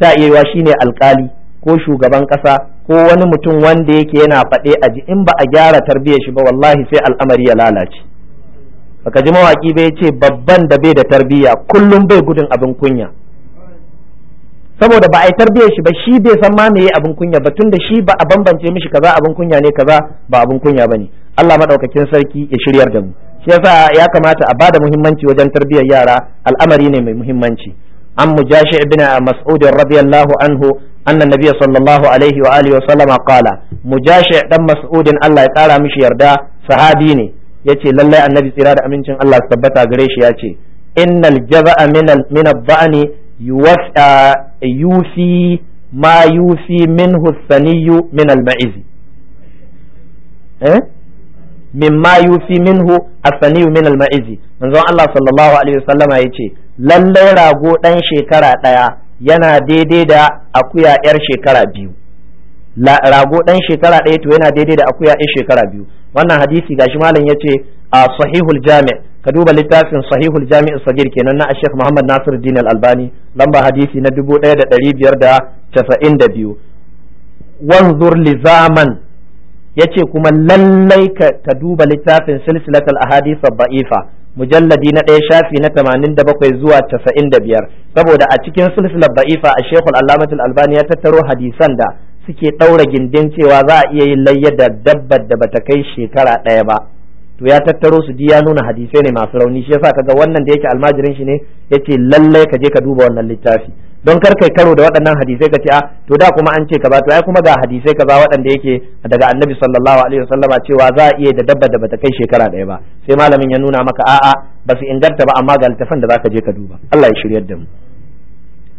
ta iya yiwa shine alkali ko shugaban ƙasa ko wani mutum wanda yake yana faɗe a ji in ba a gyara tarbiyyar shi ba wallahi sai al'amari ya lalace baka ji mawaki bai ce babban da bai da tarbiyya kullum bai gudun abin kunya saboda ba a yi tarbiyyar shi ba shi bai san ma meye abin kunya ba tunda shi ba a bambance mishi kaza abin kunya ne kaza ba abin kunya bane Allah madaukakin sarki ya shiryar da mu shi yasa ya kamata a bada muhimmanci wajen tarbiyyar yara al'amari ne mai muhimmanci an mujashi ibn mas'ud radiyallahu anhu أن النبي صلى الله عليه وآله وسلم قال مجاشع دم مسعود الله يقال مش يردا صحابيني يتي لله النبي سيراد أمينشن الله ثبت غريش يتي إن الجبأ من ال... من الضأن يوفي ما يوفي منه الثني من المعز إيه؟ mimma yufi minhu asaniyu min alma'izi manzon Allah sallallahu alaihi wasallama yace lallai rago dan shekara daya yana daidai da akuya yar shekara biyu rago dan shekara ɗaya to yana daidai da akuya yar shekara biyu wannan hadisi gashi malam yace a sahihul jami' ka duba littafin sahihul jami' sagir kenan na Sheikh Muhammad Nasir Din Al-Albani lamba hadisi na da 1592 wanzur li zaman yace kuma lallai ka duba littafin silsilatul ahadith ba'ifa mujalladi na ɗaya shafi na tamanin da bakwai zuwa casa'in da biyar saboda a cikin silsilar ba'ifa a shekul alamatul albani ya tattaro hadisan da suke ɗaura gindin cewa za a iya yin layya da dabbar da bata kai shekara ɗaya ba to ya tattaro su ji ya nuna hadisai ne masu rauni shi yasa kaga wannan da yake almajirin shi ne ya ce lallai ka je ka duba wannan littafi don kar kai karo da waɗannan hadisai ka ce a ah, to da kuma an ce ka ba to ai kuma ga hadisai ba waɗanda yake daga annabi sallallahu alaihi wasallama cewa za a iya da dabba da bata kai shekara ɗaya ba sai malamin ya nuna maka a'a ba su inganta ba amma ga littafan da zaka je ka duba Allah ya shiryar da mu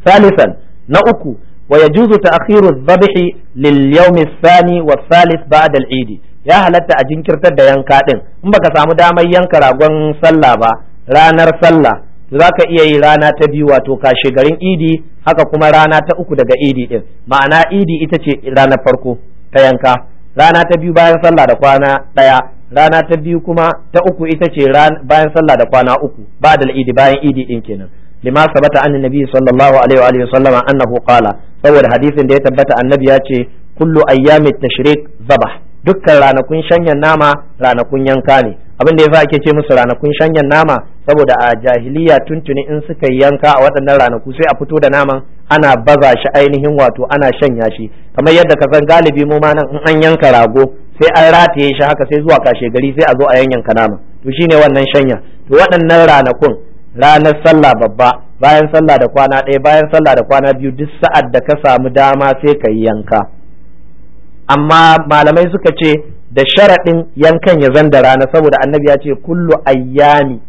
salisan na uku wa yajuzu ta'khiru dhabhi lil yawm ath-thani wa thalith ba'da al-eid ya halatta a jinkirtar da yanka din in baka samu damar yanka ragon sallah ba ranar sallah za ka iya yi rana ta biyu wato kashe garin idi haka kuma rana ta uku daga idi din ma'ana idi ita ce ranar farko ta yanka rana ta biyu bayan sallah da kwana ɗaya rana ta biyu kuma ta uku ita ce bayan sallah da kwana uku ba da idi bayan idi din kenan lima sabata an nabi sallallahu alaihi wa sallama annahu qala saboda hadisin da ya tabbata annabi ya ce kullu ayyami tashrik zabah dukkan ranakun shanyan nama ranakun yanka ne abin da yasa ake ce musu ranakun shanyan nama saboda a jahiliya tuntuni in suka yi yanka a waɗannan ranaku sai a fito da naman ana baza shi ainihin wato ana shanya shi kamar yadda ka san galibi mu ma nan in an yanka rago sai an rataye shi haka sai zuwa kashe gari sai a zo a yanyanka naman to shine wannan shanya to waɗannan ranakun ranar sallah babba bayan sallah da kwana ɗaya bayan sallah da kwana biyu duk sa'ad da ka samu dama sai ka yi yanka amma malamai suka ce da sharaɗin yankan ya zanda rana saboda annabi ya ce kullu ayyami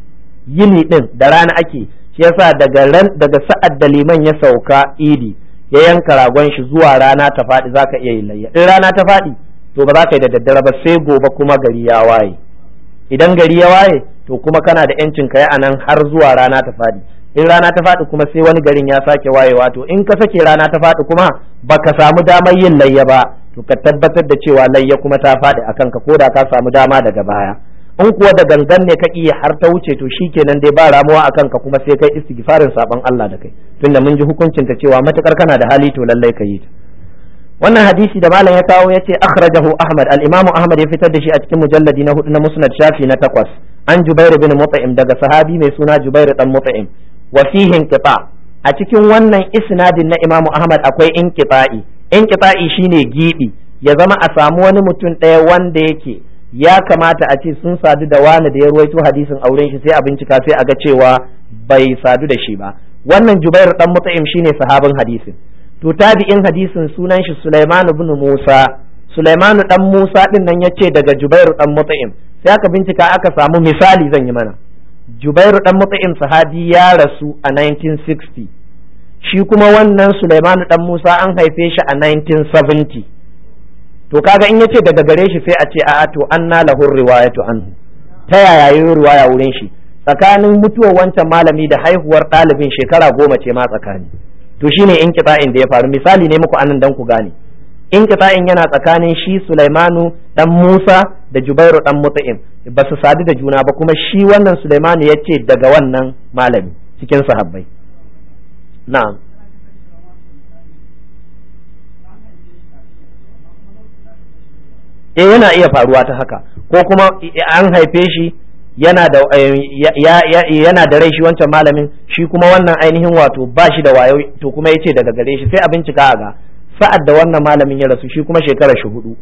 yini din da rana ake shi yasa daga ran daga sa'ad da liman ya sauka idi ya yanka ragon shi zuwa rana ta faɗi zaka iya yin layya in rana ta faɗi to ba za ka yi da daddare ba sai gobe kuma gari ya waye idan gari ya waye to kuma kana da yancin ka yi anan har zuwa rana ta faɗi in rana ta faɗi kuma sai wani garin ya sake wayewa to in ka sake rana ta faɗi kuma baka samu damar yin layya ba to ka tabbatar da cewa layya kuma ta faɗi a kanka ko da ka samu dama daga baya in kuwa da gangan ne ka iya har ta wuce to shikenan dai ba ramuwa akan ka kuma sai kai istighfarin saban Allah da kai tunda mun ji hukuncinta cewa matukar kana da hali to lallai ka yi ta wannan hadisi da malam ya kawo ya ce akhrajahu ahmad al-imamu ahmad ya fitar da shi a cikin mujalladi na hudu na musnad shafi na takwas an jubair bin mut'im daga sahabi mai suna jubair dan mut'im wa fihi inqita a cikin wannan isnadin na imamu ahmad akwai inqita'i inqita'i shine gibi ya zama a samu wani mutum ɗaya wanda yake ya kamata a ce sun sadu da wani da ya ruwaito hadisin auren shi sai a bincika sai a ga cewa bai sadu da shi ba wannan jubair dan mutaim shine sahabin hadisin to tabi'in hadisin sunan shi Sulaiman ibn Musa Sulaiman dan Musa din nan yace daga Jubair dan mutaim sai aka bincika aka samu misali zan yi mana Jubair dan mutaim sahabi ya rasu a 1960 shi kuma wannan Sulaiman dan Musa an haife shi a 1970 to kaga in yace daga gare shi sai a ce a'a to anna lahur riwayatu anhu ta yaya yi riwaya wurin shi tsakanin mutuwar wancan malami da haihuwar ɗalibin shekara goma ce ma tsakani to shine in kita'in da ya faru misali ne muku anan dan ku gane in kitsa'in yana tsakanin shi Sulaimanu dan Musa da Jubairu dan Mut'im ba su sadu da juna ba kuma shi wannan Sulaimanu yace daga wannan malami cikin sahabbai na'am E, yana iya faruwa ta haka ko kuma eh, an haife shi yana da eh, yana da rai shi wancan malamin shi kuma wannan ainihin wato ba shi da wayo to kuma yace daga gare shi sai a bincika a ga sa'ad da wannan malamin ya rasu shi kuma shekara shi hudu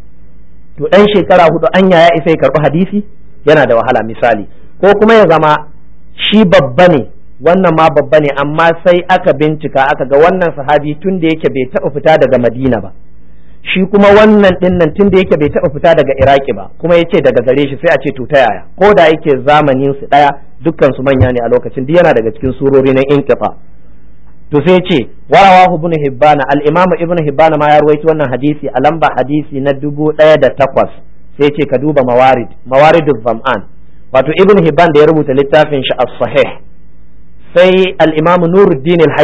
to dan shekara hudu an ya isa ya karbi hadisi yana da wahala misali ko kuma ya zama shi babba ne wannan ma babba ne amma sai aka bincika aka ga wannan sahabi tun da yake bai taɓa fita daga madina ba shi kuma wannan din nan tun da yake bai taɓa fita daga iraki ba kuma ya ce daga gare shi sai a ce to ta yaya ko da yake zamanin su daya dukkan su manya ne a lokacin duk yana daga cikin surori na inqifa to sai yace warawahu ibn hibban al-imam ibn hibban ma ya rawaito wannan hadisi a lamba hadisi na dubu 1008 sai yace ka duba mawarid mawaridul zam'an wato ibn hibban da ya rubuta littafin shi as-sahih sai al-imam nuruddin al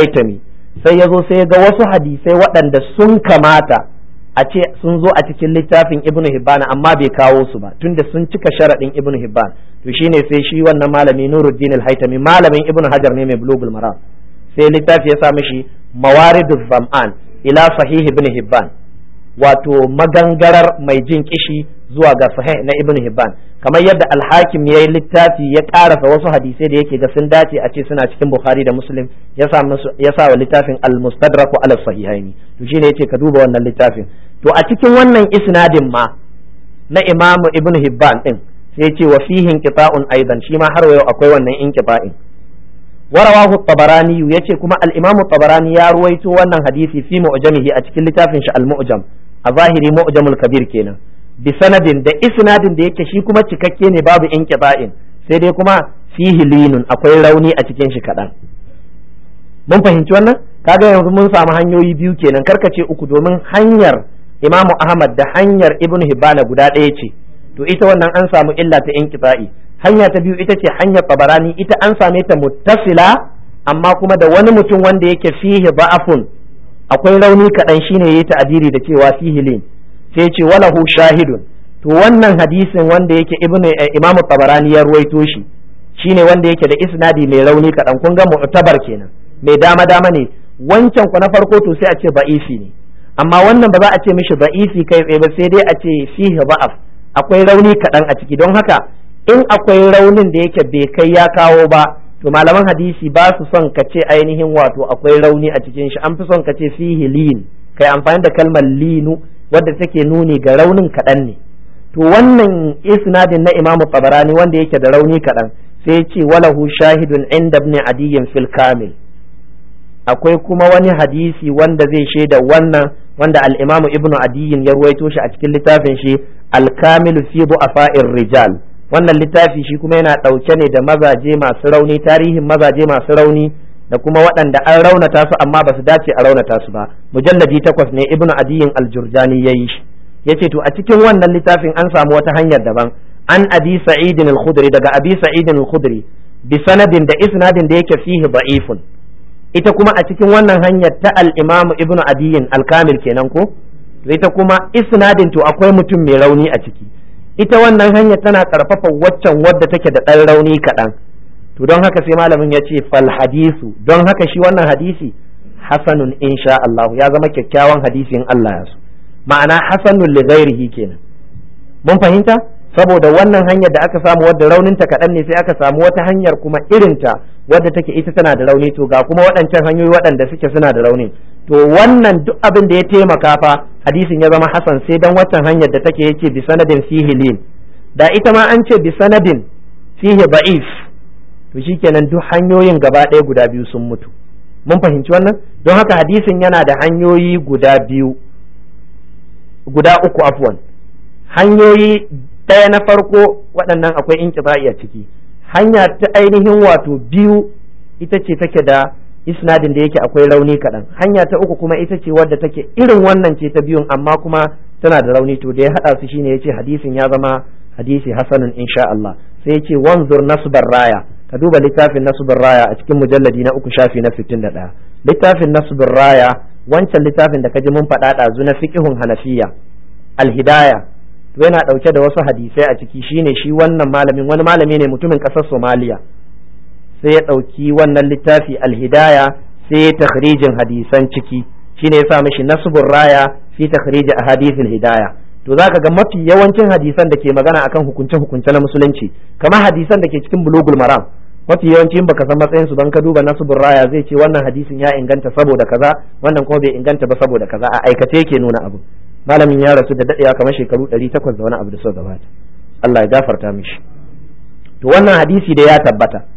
sai ya zo sai ya ga wasu hadisai waɗanda sun kamata a ce sun zo a cikin littafin ibn hibban amma bai kawo su ba tunda sun cika sharaɗin ibn hibban to shine sai shi wannan malami nuruddin al-haitami malamin ibn hajar ne mai bulugul maram sai littafi ya sa mishi mawaridu zam'an ila sahih ibn hibban wato magangarar mai jin kishi zuwa ga sahih na ibn hibban kamar yadda al-hakim yayi littafi ya karasa wasu hadisai da yake ga sun dace a ce suna cikin bukhari da muslim ya sa wa littafin al-mustadrak ala sahihaini to shine yace ka duba wannan littafin to a cikin wannan isnadin ma na imamu ibn hibban din sai yace wa fihi inqita'un aidan shi ma har yau akwai wannan inqita'in ورواه الطبراني يتي كما الإمام الطبراني يرويت وأن حديثي في معجمه littafin shi المعجم a zahiri mu'jamul kabir kenan bi sanadin da isnadin da yake shi kuma cikakke ne babu inqita'in sai dai kuma fihi linun akwai rauni a cikin shi kadan mun fahimci wannan kaga yanzu mun samu hanyoyi biyu kenan karkace uku domin hanyar imamu ahmad da hanyar ibnu hibbana guda ɗaya ce to ita wannan an samu illa ta inqita'i hanya ta biyu ita ce hanyar tabarani ita an same ta muttasila amma kuma da wani mutum wanda yake fihi ba'afun akwai rauni kaɗan shine yi ta'abiri da cewa fihi lin sai ce walahu shahidun to wannan hadisin wanda yake ibn eh, imam tabarani ya ruwaito shi shine wanda yake da isnadi mai rauni kaɗan kun ga mu'tabar kenan mai dama dama ne wancan ku na farko to sai a ce ba'isi ne amma wannan ba za a ce mishi ba'isi kai tsaye ba sai dai a ce fihi ba'af akwai rauni kaɗan a ciki don haka in akwai raunin da yake bai kai ya kawo ba to malaman hadisi ba su son ka ce ainihin wato akwai rauni a cikin shi an fi son ka ce fihi lin kai amfani da kalmar linu wadda take nuni ga raunin kaɗan ne to wannan isnadin na imamu tabarani wanda yake da rauni kaɗan sai ya ce walahu shahidun inda ibn adiyyin fil kamil akwai kuma wani hadisi wanda zai shaida wannan wanda al-imamu ibnu adiyyin ya ruwaito shi a cikin littafin shi al-kamil fi du'afa'ir rijal wannan littafi shi kuma yana ɗauke ne da mazaje masu rauni tarihin mazaje masu rauni da kuma waɗanda an raunata su amma ba su dace a raunata su ba mujallaji takwas ne ibnu adiyin aljurjani ya yi shi yace to a cikin wannan littafin an samu wata hanyar daban an abi sa'idin al-khudri daga abi sa'idin al-khudri bi sanadin da isnadin da yake fihi da'ifun ita kuma a cikin wannan hanyar ta al-imamu ibnu adiyin al-kamil kenan ko ita kuma isnadin to akwai mutum mai rauni a ciki ita wannan hanyar tana karfafa waccan wadda take da ɗan rauni kaɗan to don haka sai malamin ya ce fal hadisu don haka shi wannan hadisi hasanun insha Allah ya zama kyakkyawan hadisin Allah ya so ma'ana hasanun li ghairihi kenan mun fahimta saboda wannan hanyar da aka samu wadda ta kaɗan ne sai aka samu wata hanyar kuma irin ta wadda take ita tana da rauni to ga kuma waɗancan hanyoyi waɗanda suke suna da rauni to wannan duk abin da ya taimaka fa hadisin ya zama hasan sai dan watan hanyar da take yake bi sanadin fihi lin da ita ma an ce bi sanadin fihi ba'if to shikenan duk hanyoyin gaba ɗaya guda biyu sun mutu mun fahimci wannan don haka hadisin yana da hanyoyi guda biyu guda uku afwan hanyoyi ɗaya na farko waɗannan akwai inqita'i a ciki hanya ta ainihin wato biyu ita ce take da isnadin da yake akwai rauni kaɗan hanya ta uku kuma ita ce wadda take irin wannan ce ta biyun amma kuma tana da rauni to da ya haɗa su shine yace hadisin ya zama hadisi hasanun insha Allah sai yace wanzur nasbar raya ka duba littafin nasbar raya a cikin mujalladi na uku shafi na 61 littafin nasbar raya wancan littafin da kaji mun faɗa ɗazu na fiqhun hanafiya alhidaya to yana ɗauke da wasu hadisai a ciki shine shi wannan malamin wani malami ne mutumin ƙasar Somaliya sai ya ɗauki wannan littafi alhidaya sai ya takhrijin hadisan ciki shi ne ya sa mishi nasbur raya fi a hadisin hidaya to za ka ga mafi yawancin hadisan da ke magana akan hukunce hukunce na musulunci kamar hadisan da ke cikin bulugul maram mafi yawancin baka san matsayin su ban ka duba nasbur raya zai ce wannan hadisin ya inganta saboda kaza wannan kuma bai inganta ba saboda kaza a aikace ke nuna abu malamin ya rasu da dadewa kamar shekaru 800 da wani abu da suka gabata Allah ya gafarta mishi to wannan hadisi da ya tabbata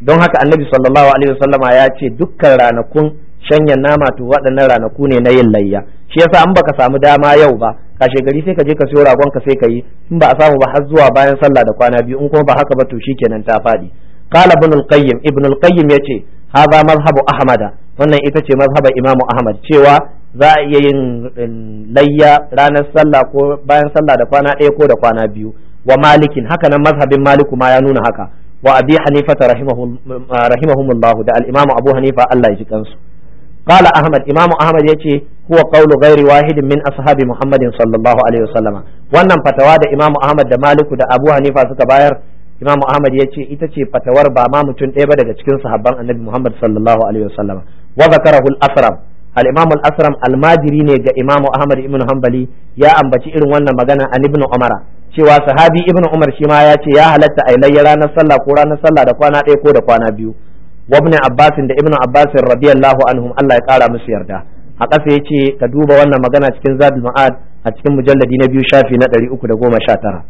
don haka annabi sallallahu alaihi wasallama ya ce dukkan ranakun shanyan nama to waɗannan ranaku ne na yin layya shi yasa an baka samu dama yau ba kashe gari sai ka je ka siyo ragon ka sai ka yi in ba a samu ba har zuwa bayan sallah da kwana biyu in kuma ba haka ba to kenan ta faɗi qala ibnul qayyim ibn al-qayyim yace hadha mazhabu ahmada wannan ita ce mazhabar imamu ahmad cewa za a iya yin eh, layya ranar sallah ko bayan sallah da kwana ɗaya ko da kwana biyu wa malikin haka nan mazhabin maliku ma ya nuna haka wa abi hanifata rahimahumullahu da al-imamu abu hanifa Allah ya ji kansu qala ahmad imamu ahmad yace huwa qawlu ghairi wahidin min ashabi muhammadin sallallahu alaihi wasallama wannan fatawa da imamu ahmad da maliku da abu hanifa suka bayar imamu ahmad yace ita ce fatawar ba ma mutum ɗaya ba daga cikin sahabban annabi muhammad sallallahu alaihi wasallama wa zakarahu al-asram al-imam al-asram al ne ga imamu ahmad ibn hanbali ya ambaci irin wannan magana an ibn umara cewa sahabi ibnu umar shi ma ya ce ya halatta a layya ranar sallah ko ranar sallah da kwana ɗaya ko da kwana biyu wa ibn abbas da ibnu abbas radiyallahu anhum Allah ya kara musu yarda a ƙasa ya ce ka duba wannan magana cikin zadul ma'ad a cikin mujalladi na biyu shafi na ɗari uku da goma sha tara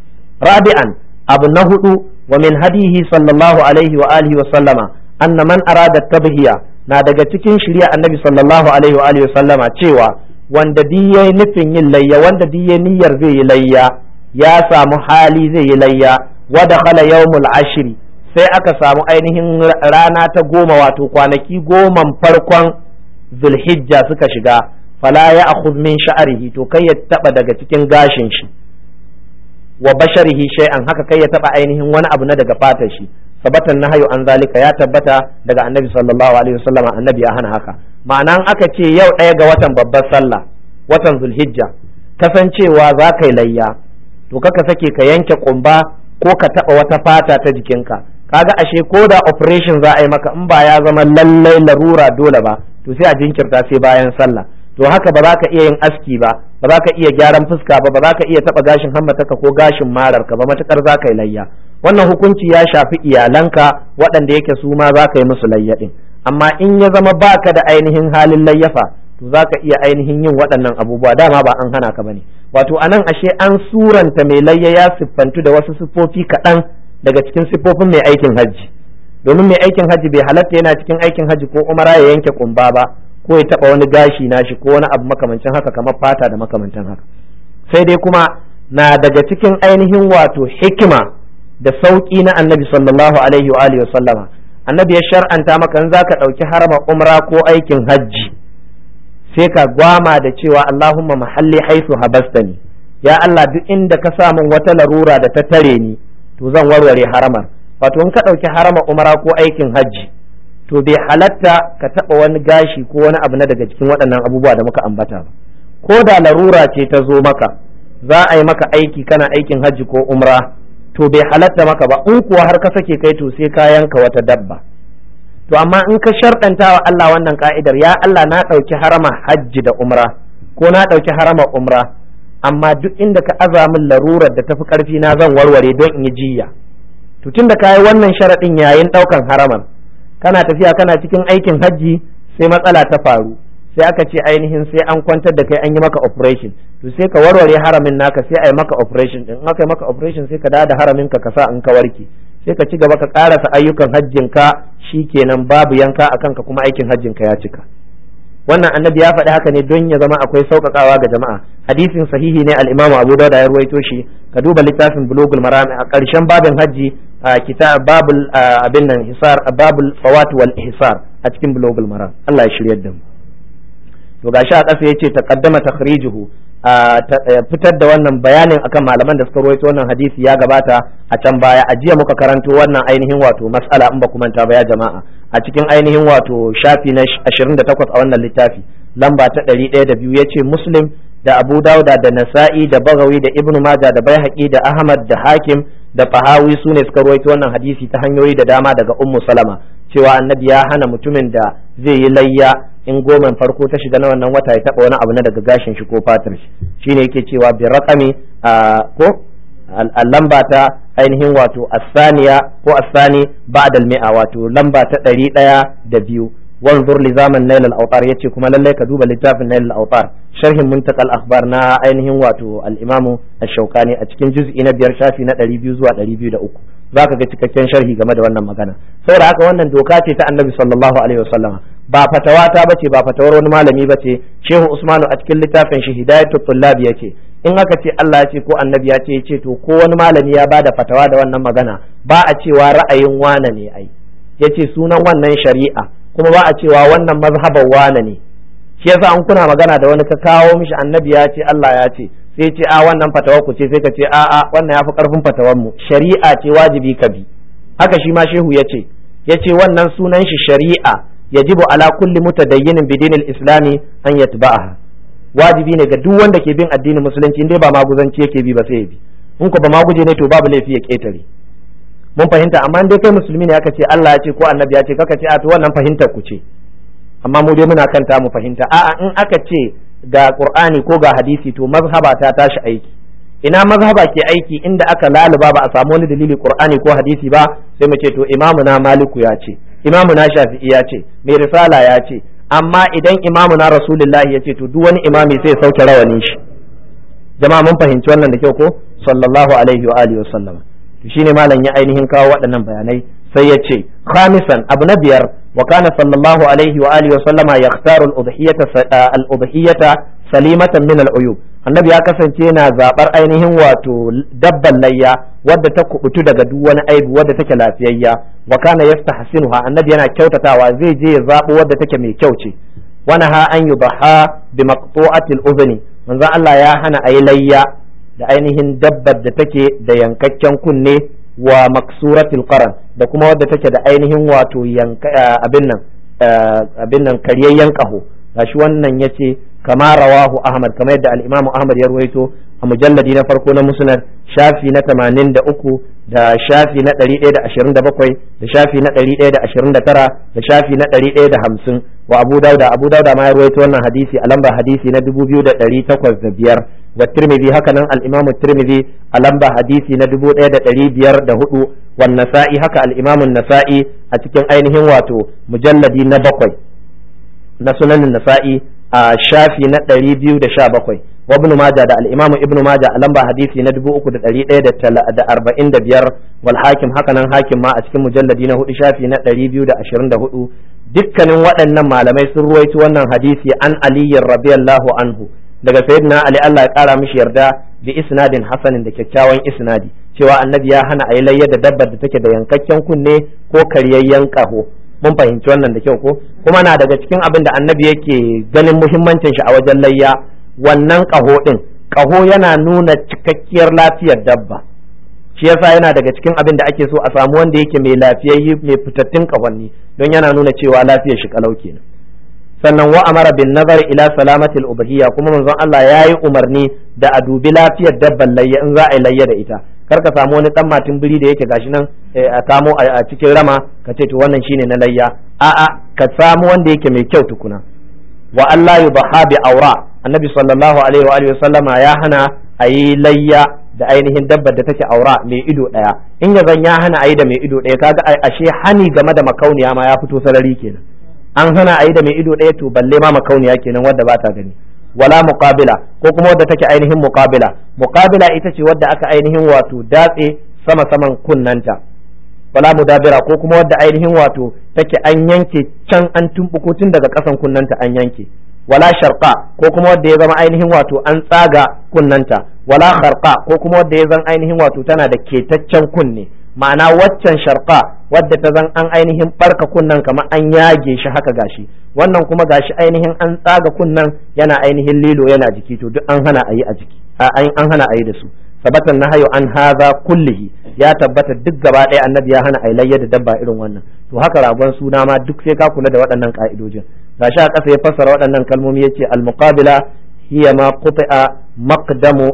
rabi'an abu na hudu wa min hadihi sallallahu alaihi wa alihi wa sallama anna man arada tabhiya na daga cikin shirya annabi sallallahu alaihi wa alihi wa sallama cewa wanda duk nufin yin layya wanda duk niyyar zai yi layya ya samu hali zai yi layya wada kala yawmul ashiri sai aka samu ainihin rana ta goma wato kwanaki goman farkon zulhijja suka shiga fala ya akhudh min sha'rihi to kai ya taba daga cikin gashin shi wa basharihi shay'an haka kai ya taba ainihin wani abu na daga fatar shi sabatan nahayu an zalika ya tabbata daga annabi sallallahu alaihi wasallam annabi ya hana haka ma'ana aka ce yau ɗaya ga watan babbar sallah watan zulhijja kasancewa za ka layya to kaka sake ka yanke kumba ko ka taba wata fata ta jikinka kaga ashe ko da operation za a yi maka in ba ya zama lallai larura dole ba to sai a jinkirta sai bayan sallah to haka ba za ka iya yin aski ba ba za ka iya gyaran fuska ba ba za ka iya taba gashin hammataka ko gashin mararka ba matukar za ka yi layya wannan hukunci ya shafi iyalanka waɗanda yake su ma za ka yi musu layya din amma in ya zama baka da ainihin halin layyafa to za ka iya ainihin yin waɗannan abubuwa dama ba an hana ka ba ne wato anan ashe an suranta mai layya ya siffantu da wasu siffofi kaɗan daga cikin siffofin mai aikin hajji domin mai aikin hajji bai halatta yana cikin aikin hajji ko umara ya yanke kumba ba ko ya taɓa wani gashi nashi ko wani abu makamancin haka kamar fata da makamancin haka sai dai kuma na daga cikin ainihin wato hikima da sauƙi na annabi sallallahu alaihi wa alihi wa sallama annabi ya shar'anta maka in zaka ɗauki harama umra ko aikin hajji sai ka gwama da cewa Allahumma mahalli haisu habastani ya Allah duk inda ka samu wata larura da ta tare ni to zan warware haramar wato in ka ɗauki harama umara ko aikin hajji to bai halatta ka taɓa wani gashi ko wani abu na daga cikin waɗannan abubuwa da muka ambata ba ko da larura ce ta zo maka za a yi maka aiki kana aikin hajji ko umra to bai halatta maka ba in kuwa har ka sake kai to sai ka yanka wata dabba to amma in ka sharɗanta wa Allah wannan ka'idar ya Allah na ɗauki harama hajji da umra ko na ɗauki harama umra amma duk inda ka aza min larurar da tafi ƙarfi na zan warware don in yi jiyya. to tunda ka yi wannan sharaɗin yayin ɗaukan haramar, kana tafiya kana cikin aikin hajji sai matsala ta faru sai aka ce ainihin sai an kwantar da kai an yi maka operation to sai ka warware haramin naka sai a yi maka operation din in aka yi maka operation sai ka dawo da haramin ka ka sa in ka warke sai ka ci gaba ka karasa ayyukan hajjin ka shi kenan babu yanka a kanka kuma aikin hajjin ka ya cika wannan annabi ya faɗi haka ne don ya zama akwai sauƙaƙawa ga jama'a hadisin sahihi ne al-imam Abu Dawud ya ruwaito shi ka duba littafin Bulughul Maram a ƙarshen babin hajji kitab babul abin nan hisar babul fawat wal hisar a cikin Bulughul Maram Allah ya shiryar da mu to gashi a ƙasa yace taqaddama takhrijuhu a fitar da wannan bayanin akan malaman da suka rawaito wannan hadisi ya gabata a can baya a jiya muka karanto wannan ainihin wato mas'ala in ba ku manta ba ya jama'a a cikin ainihin wato shafi na 28 a wannan littafi lamba ta 102 yace muslim da abu dauda da nasa'i da bagawi da ibnu maja da baihaqi da ahmad da hakim da fahawi su ne suka rawaito wannan hadisi ta hanyoyi da dama daga ummu salama cewa annabi ya hana mutumin da zai yi layya in goman farko ta shiga na wannan wata ya taba wani abu na daga gashin shi ko fatar shi shine yake cewa bi raqami ko lamba ta ainihin wato asaniya ko asani ba'da al-mi'a wato lamba ta ɗari ɗaya da biyu wanzur li zaman nail al-awtar yace kuma lalle ka duba littafin nail al-awtar sharhin muntaqal akhbar na ainihin wato al-imamu ash-shawkani a cikin juz'i na biyar shafi na 200 zuwa 203 zaka ga cikakken sharhi game da wannan magana saboda haka wannan doka ce ta annabi sallallahu alaihi wasallama ba fatawata ta bace ba fatawar wani malami bace shehu usmanu a cikin littafin shi hidayatul tullab ce in aka ce Allah ya ce ko annabi ya ce ya ce to ko wani malami ya bada fatawa da wannan magana ba a cewa ra'ayin wane ne ai ce sunan wannan shari'a kuma ba a cewa wannan mazhaban wane ne shi yasa an kuna magana da wani ka kawo mishi annabi ya ce Allah ya ce sai ce a wannan fatawar ku ce sai ka ce a a wannan yafi karfin fatawar mu shari'a ce wajibi ka bi haka shi ma shehu ya ce ya ce wannan sunan shi shari'a yajibu ala kulli mutadayyinin bidinil islami an yatba'aha wajibi ne ga duk wanda ke bin addinin musulunci in ba maguzanci yake bi ba sai ya bi in ko ba maguje ne to babu laifi ya ketare mun fahimta amma in dai kai musulmi ne aka ce Allah ya ce ko annabi ya ce kaka ce a to wannan fahimtar ku ce amma mu dai muna kanta mu fahimta a'a in aka ce ga qur'ani ko ga hadisi to mazhaba ta tashi aiki ina mazhaba ke aiki inda aka laluba ba a samu wani dalili qur'ani ko hadisi ba sai mu ce to imamu na maliku ya ce imamu na shafi'i ya ce mai risala ya ce amma idan imamu na rasulullahi ya ce to duk wani imami sai ya sauke rawanin shi jama'a mun fahimci wannan da kyau ko sallallahu alaihi wa alihi wasallam shine malam ya ainihin kawo waɗannan bayanai sai ya ce khamisan abu na biyar wa kana sallallahu alaihi wa alihi wasallama yaqtaru al-udhiyata al-udhiyata salimatan min al-uyub annabi ya kasance yana zabar ainihin wato dabban layya wadda ta kubutu daga duk wani aibu wadda take lafiyayya wa kana yastahsinuha annabi yana kyautatawa zai je ya zabo wadda take mai kyau ce wana ha an yubaha bi maqtu'atil udhni manzo Allah ya hana ayi layya da ainihin dabbar da take da yankakken kunne wa maksuratil qaran da kuma wadda take da ainihin wato yanka eh, abin nan eh, abin nan karyayyen kaho gashi wannan yace kama rawahu ahmad kama yadda al-imamu ahmad ya ruwaito a mujalladi na farko na musnad shafi na 83 da shafi na 127 da shafi na 129 da shafi na 150 wa abu dauda abu dauda ma ya ruwaito wannan hadisi a lambar hadisi na 2805 wa tirmidhi haka nan al-imamu tirmidhi a lambar hadisi na 1504 wa nasa'i haka al-imamu nasa'i a cikin ainihin wato mujalladi na bakwai na sunanin nasa'i a shafi na 217 wa ibn majah da al-imam ibnu majah a lamba hadisi na 3145 wal hakim nan hakim ma a cikin mujalladi na hudu shafi na 224 dukkanin waɗannan malamai sun ruwaito wannan hadisi an aliyyar radiyallahu anhu daga sayyidina ali Allah ya kara mishi yarda bi isnadin hasanin da kyakkyawan isnadi cewa annabi ya hana a yi layya da dabbar da take da yankakken kunne ko karyayyen kaho mun fahimci wannan da kyau ko kuma na daga cikin abin da annabi yake ganin muhimmancin shi a wajen layya wannan kaho ɗin kaho yana nuna cikakkiyar lafiyar dabba shi yasa yana daga cikin abin da ake so a samu wanda yake mai lafiyayyi mai fitattun kahonni don yana nuna cewa lafiyar shi kalau kenan sannan wa amara bin nazar ila salamatil ubahiyya kuma manzon Allah yayi umarni da a dubi lafiyar dabban layya in za a yi layya da ita kar ka samu wani dan matin biri da yake gashi nan eh, a kamo a cikin rama ka ce to wannan shine na layya a'a ka samu wanda yake mai kyau tukuna wa Allah yudha bi awra annabi sallallahu alaihi wa alihi wasallama ya hana a yi layya da ainihin dabbar da take aura mai ido daya in ya zan ya hana a yi da mai ido daya kaga ashe hani game da makauniya ma ya fito sarari kenan an hana a yi da mai ido daya to balle ma makauniya kenan wadda ba ta gani wala muqabila ko kuma wadda take ainihin muqabila muqabila ita ce wadda aka ainihin wato datse sama saman kunnanta wala mudabira ko kuma wadda ainihin wato take an yanke can an tumbuko tun daga kasan kunnanta an yanke wala sharqa ko kuma wadda ya zama ainihin wato an tsaga kunnanta wala kharqa ko kuma wadda ya zama ainihin wato tana da ketaccen kunne ma'ana waccan sharqa wadda ta zan an ainihin barka kunnan kamar an yage shi haka gashi wannan kuma gashi ainihin an tsaga kunnan yana ainihin lilo yana jiki to duk an hana ayi a jiki an hana ayi da su sabatan nahayu an haza kullihi ya tabbata duk gaba ɗaya annabi ya hana layya da dabba irin wannan to haka ragon suna ma duk sai ka kula da waɗannan ka'idojin gashi a kasa ya fassara waɗannan kalmomi yace al-muqabila hiya ma qut'a maqdamu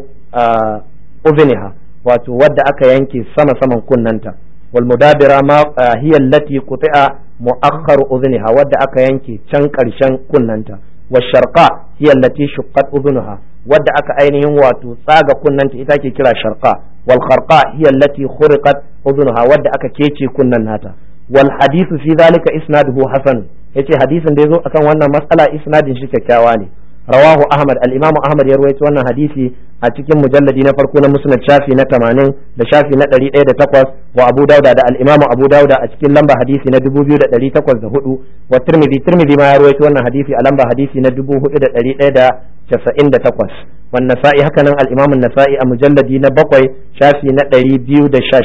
uzniha wato wadda aka yanke sama saman kunnanta walmudabira mudabira ma lati kuɗi'a quti'a mu'akhkharu udhniha wadda aka yanke can karshen kunnanta wa sharqa hiya allati shuqqat udhnuha wadda aka ainihin wato tsaga kunnanta ita ke kira sharqa wal kharqa hiya allati khuriqat udhnuha wadda aka kece kunnan nata wal hadithu fi dhalika isnaduhu hasan yace hadisin da yazo akan wannan matsala isnadin shi kyakkyawa ne rawahu ahmad al-imamu ahmad ya wannan hadisi a cikin mujalladi na farko na musnad shafi na tamanin da shafi na ɗari ɗaya da takwas wa abu da al'imamu abu dauda a cikin lamba hadisi na dubu biyu da ɗari takwas da hudu wa tirmidhi tirmidhi ma ya rawaito wannan hadisi a lamba hadisi na dubu hudu da ɗari ɗaya da casa'in da takwas wannan sa'i haka nan al'imamu nasa'i a mujalladi na bakwai shafi na ɗari biyu da sha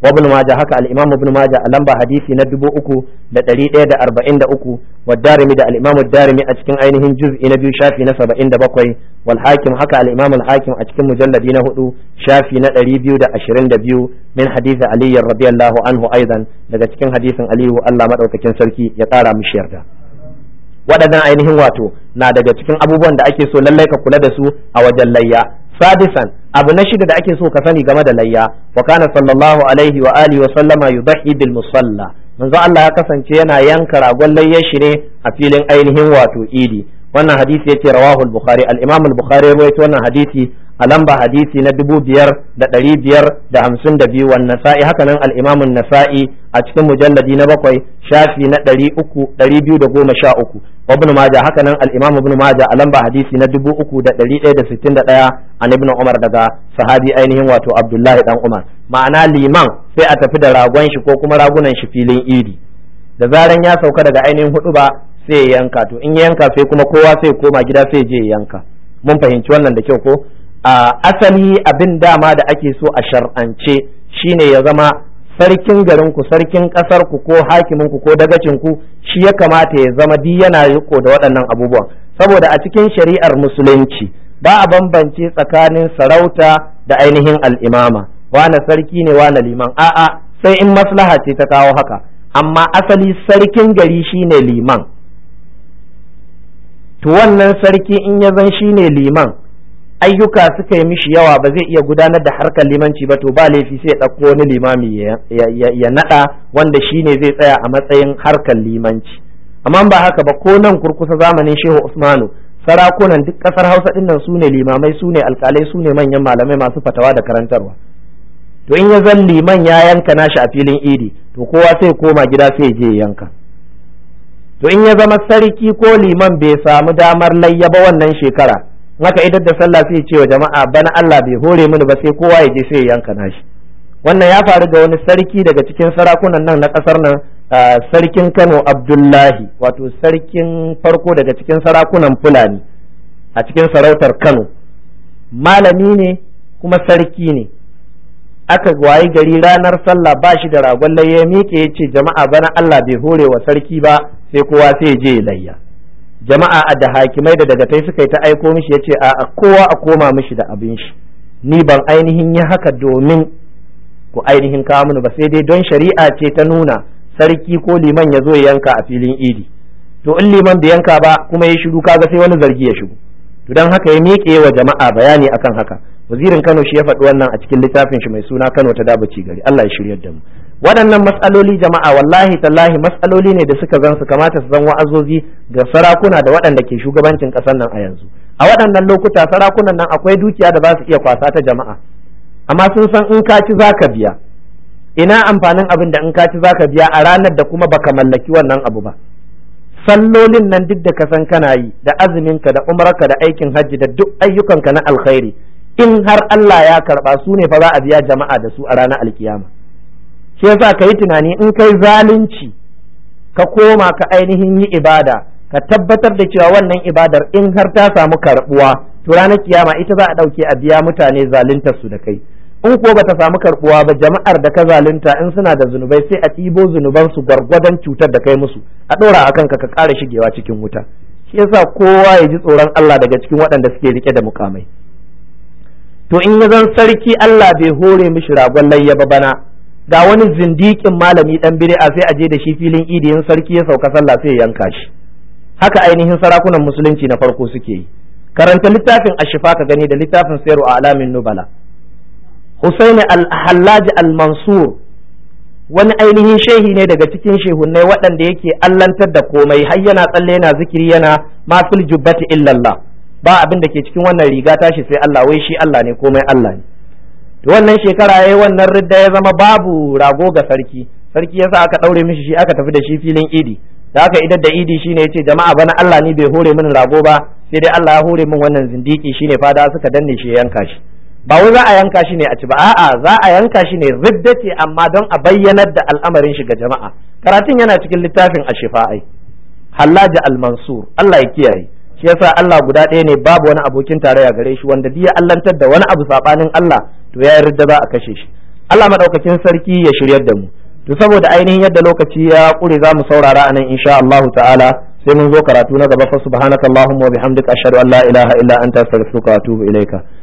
wa ibn haka al'imamu ibn a lamba hadisi na dubu uku da ɗari ɗaya da arba'in da uku wa darimi da al'imamu jarumi a cikin ainihin juz'i na biyu shafi na saba'in da bakwai wal hakim haka al'imamu al hakim a cikin mujalladi na hudu shafi na ɗari biyu da ashirin da biyu min hadisi ali radiyallahu anhu aidan daga cikin hadisin aliyu allah maɗaukacin sarki ya ƙara mishi yarda waɗannan ainihin wato na daga cikin abubuwan da ake so lallai ka kula da su a wajen layya sadisan abu na shida da ake so ka sani game da layya wa kana sallallahu alaihi wa alihi wa sallama yudhi bil musalla manzo Allah ya kasance yana yanka ragon layyar shi ne a filin ainihin wato idi wannan hadisi yace rawahu al-bukhari al-imam al-bukhari ya rawaito wannan hadisi a lamba hadisi na dubu biyar da ɗari biyar da hamsin da biyu wannan nasa'i haka nan al'imamun nasa'i a cikin mujalladi na bakwai shafi na ɗari uku ɗari biyu da goma sha uku ibn maja haka nan al'imam ibn maja a lamba hadisi na dubu uku da ɗari ɗaya da sittin da ɗaya a ibn umar daga sahabi ainihin wato abdullahi dan umar ma'ana liman sai a tafi da ragon shi ko kuma ragunan shi filin idi da zaran ya sauka daga ainihin hudu ba sai ya yanka to in ya yanka sai kuma kowa sai koma gida sai je ya yanka mun fahimci wannan da kyau ko a asali abin dama da ake so a shar'ance shine ya zama sarkin garinku sarkin kasar ku ko hakimin ku ko dagacin ku shi ya kamata ya zama di yana riko da waɗannan abubuwan saboda a cikin shari'ar musulunci ba a bambance tsakanin sarauta da ainihin al'imama wane sarki ne wane liman a'a sai in maslaha ce ta kawo haka amma asali sarkin gari shine liman to wannan sarki in ya zan shi ne liman ayyuka suka yi mishi yawa ba zai iya gudanar da harkar limanci ba to ba laifi sai ya ɗauko wani limami ya naɗa wanda shi ne zai tsaya a matsayin harkar limanci amma ba haka ba ko nan kurkusa zamanin shehu usmanu sarakunan duk ƙasar hausa ɗinnan su ne limamai su ne alƙalai su ne manyan malamai masu fatawa da karantarwa to in ya zan liman ya yanka nashi a filin idi to kowa sai koma gida sai ya je yanka to in ya zama sarki ko liman bai samu damar layya ba wannan shekara haka idan da sallah sai ce wa jama'a bana Allah bai hore mini ba sai kowa ya je sai ya yanka nashi wannan ya faru ga wani sarki daga cikin sarakunan nan na kasar nan sarkin Kano Abdullahi wato sarkin farko daga cikin sarakunan Fulani a cikin sarautar Kano malami ne kuma sarki ne aka wayi gari ranar sallah ba shi da ragon layya ya miƙe ya ce jama'a bana Allah bai hore wa sarki ba sai kowa sai je ya layya jama'a a da hakimai da dagatai suka yi ta aiko mishi ya ce a kowa a koma mishi da abin shi ni ban ainihin yi haka domin ku ainihin kawo mini ba sai dai don shari'a ce ta nuna sarki ko liman ya zo ya yanka a filin idi to in liman bai yanka ba kuma ya shiru kaga sai wani zargi ya shigo to don haka ya miƙe wa jama'a bayani akan haka wazirin Kano shi ya faɗi wannan a cikin littafin shi mai suna Kano ta dabaci gari Allah ya shiryar da mu waɗannan matsaloli jama'a wallahi tallahi matsaloli ne da suka zan su kamata su zan wa'azozi ga sarakuna da waɗanda ke shugabancin ƙasar nan a yanzu a waɗannan lokuta sarakunan nan akwai dukiya da ba su iya kwasa ta jama'a amma sun san in ka ci zaka biya ina amfanin abin da in ka ci zaka biya a ranar da kuma baka mallaki wannan abu ba sallolin nan duk da ka san kana yi da azumin ka da umrarka da aikin hajji da duk ayyukanka na alkhairi in har Allah ya karɓa su ne fa za a biya jama'a da su a ranar alkiyama shi yasa ka yi tunani in kai zalunci ka koma ka ainihin yi ibada ka tabbatar da cewa wannan ibadar in har ta samu karbuwa to ranar kiyama ita za a ɗauke a biya mutane zaluntar su da kai in ko bata samu karbuwa ba jama'ar da ka zalunta in suna da zunubai sai a ɗibo zunuban su gwargwadon cutar da kai musu a ɗora akan ka ka ƙara shigewa cikin wuta shi yasa kowa ya ji tsoron Allah daga cikin waɗanda suke rike da mukamai to in ya zan sarki Allah bai hore mishi ragon layya ba bana ga wani zindikin malami dan bid'a sai a je da shi filin idiyin sarki ya sauka sallah sai ya yanka shi haka ainihin sarakunan musulunci na farko suke yi karanta littafin ashifa ka gani da littafin sayru alamin nubala Husaini al-Hallaj al-Mansur wani ainihin shehi ne daga cikin shehunnai waɗanda yake allantar da komai har yana tsalle yana zikiri yana mafil jubbati illallah ba abin da ke cikin wannan riga tashi sai Allah wai shi Allah ne komai Allah ne to wannan shekara yayi wannan ridda ya zama babu rago ga sarki sarki yasa aka daure mishi shi aka tafi da shi filin idi da aka idan da idi shine yace jama'a bana Allah ni bai hore min rago ba sai dai Allah ya hore min wannan zindiki shine fada suka danne shi yanka shi ba wai za a yanka shi ne a ci ba a'a za a yanka shi ne ridda ce amma don a bayyanar da al'amarin shi ga jama'a karatun yana cikin littafin ashifa ai hallaji al-mansur Allah ya kiyaye shi yasa Allah guda ɗaya ne babu wani abokin tarayya gare shi wanda duk ya allantar da wani abu sabanin Allah to ya yarda za a kashe shi Allah madaukakin sarki ya shiryar da mu to saboda ainihin yadda lokaci ya kure za mu saurara anan insha Allah ta'ala sai mun zo karatu na gaba fa subhanakallahumma wa bihamdika ashhadu an la ilaha illa anta astaghfiruka wa atubu ilaika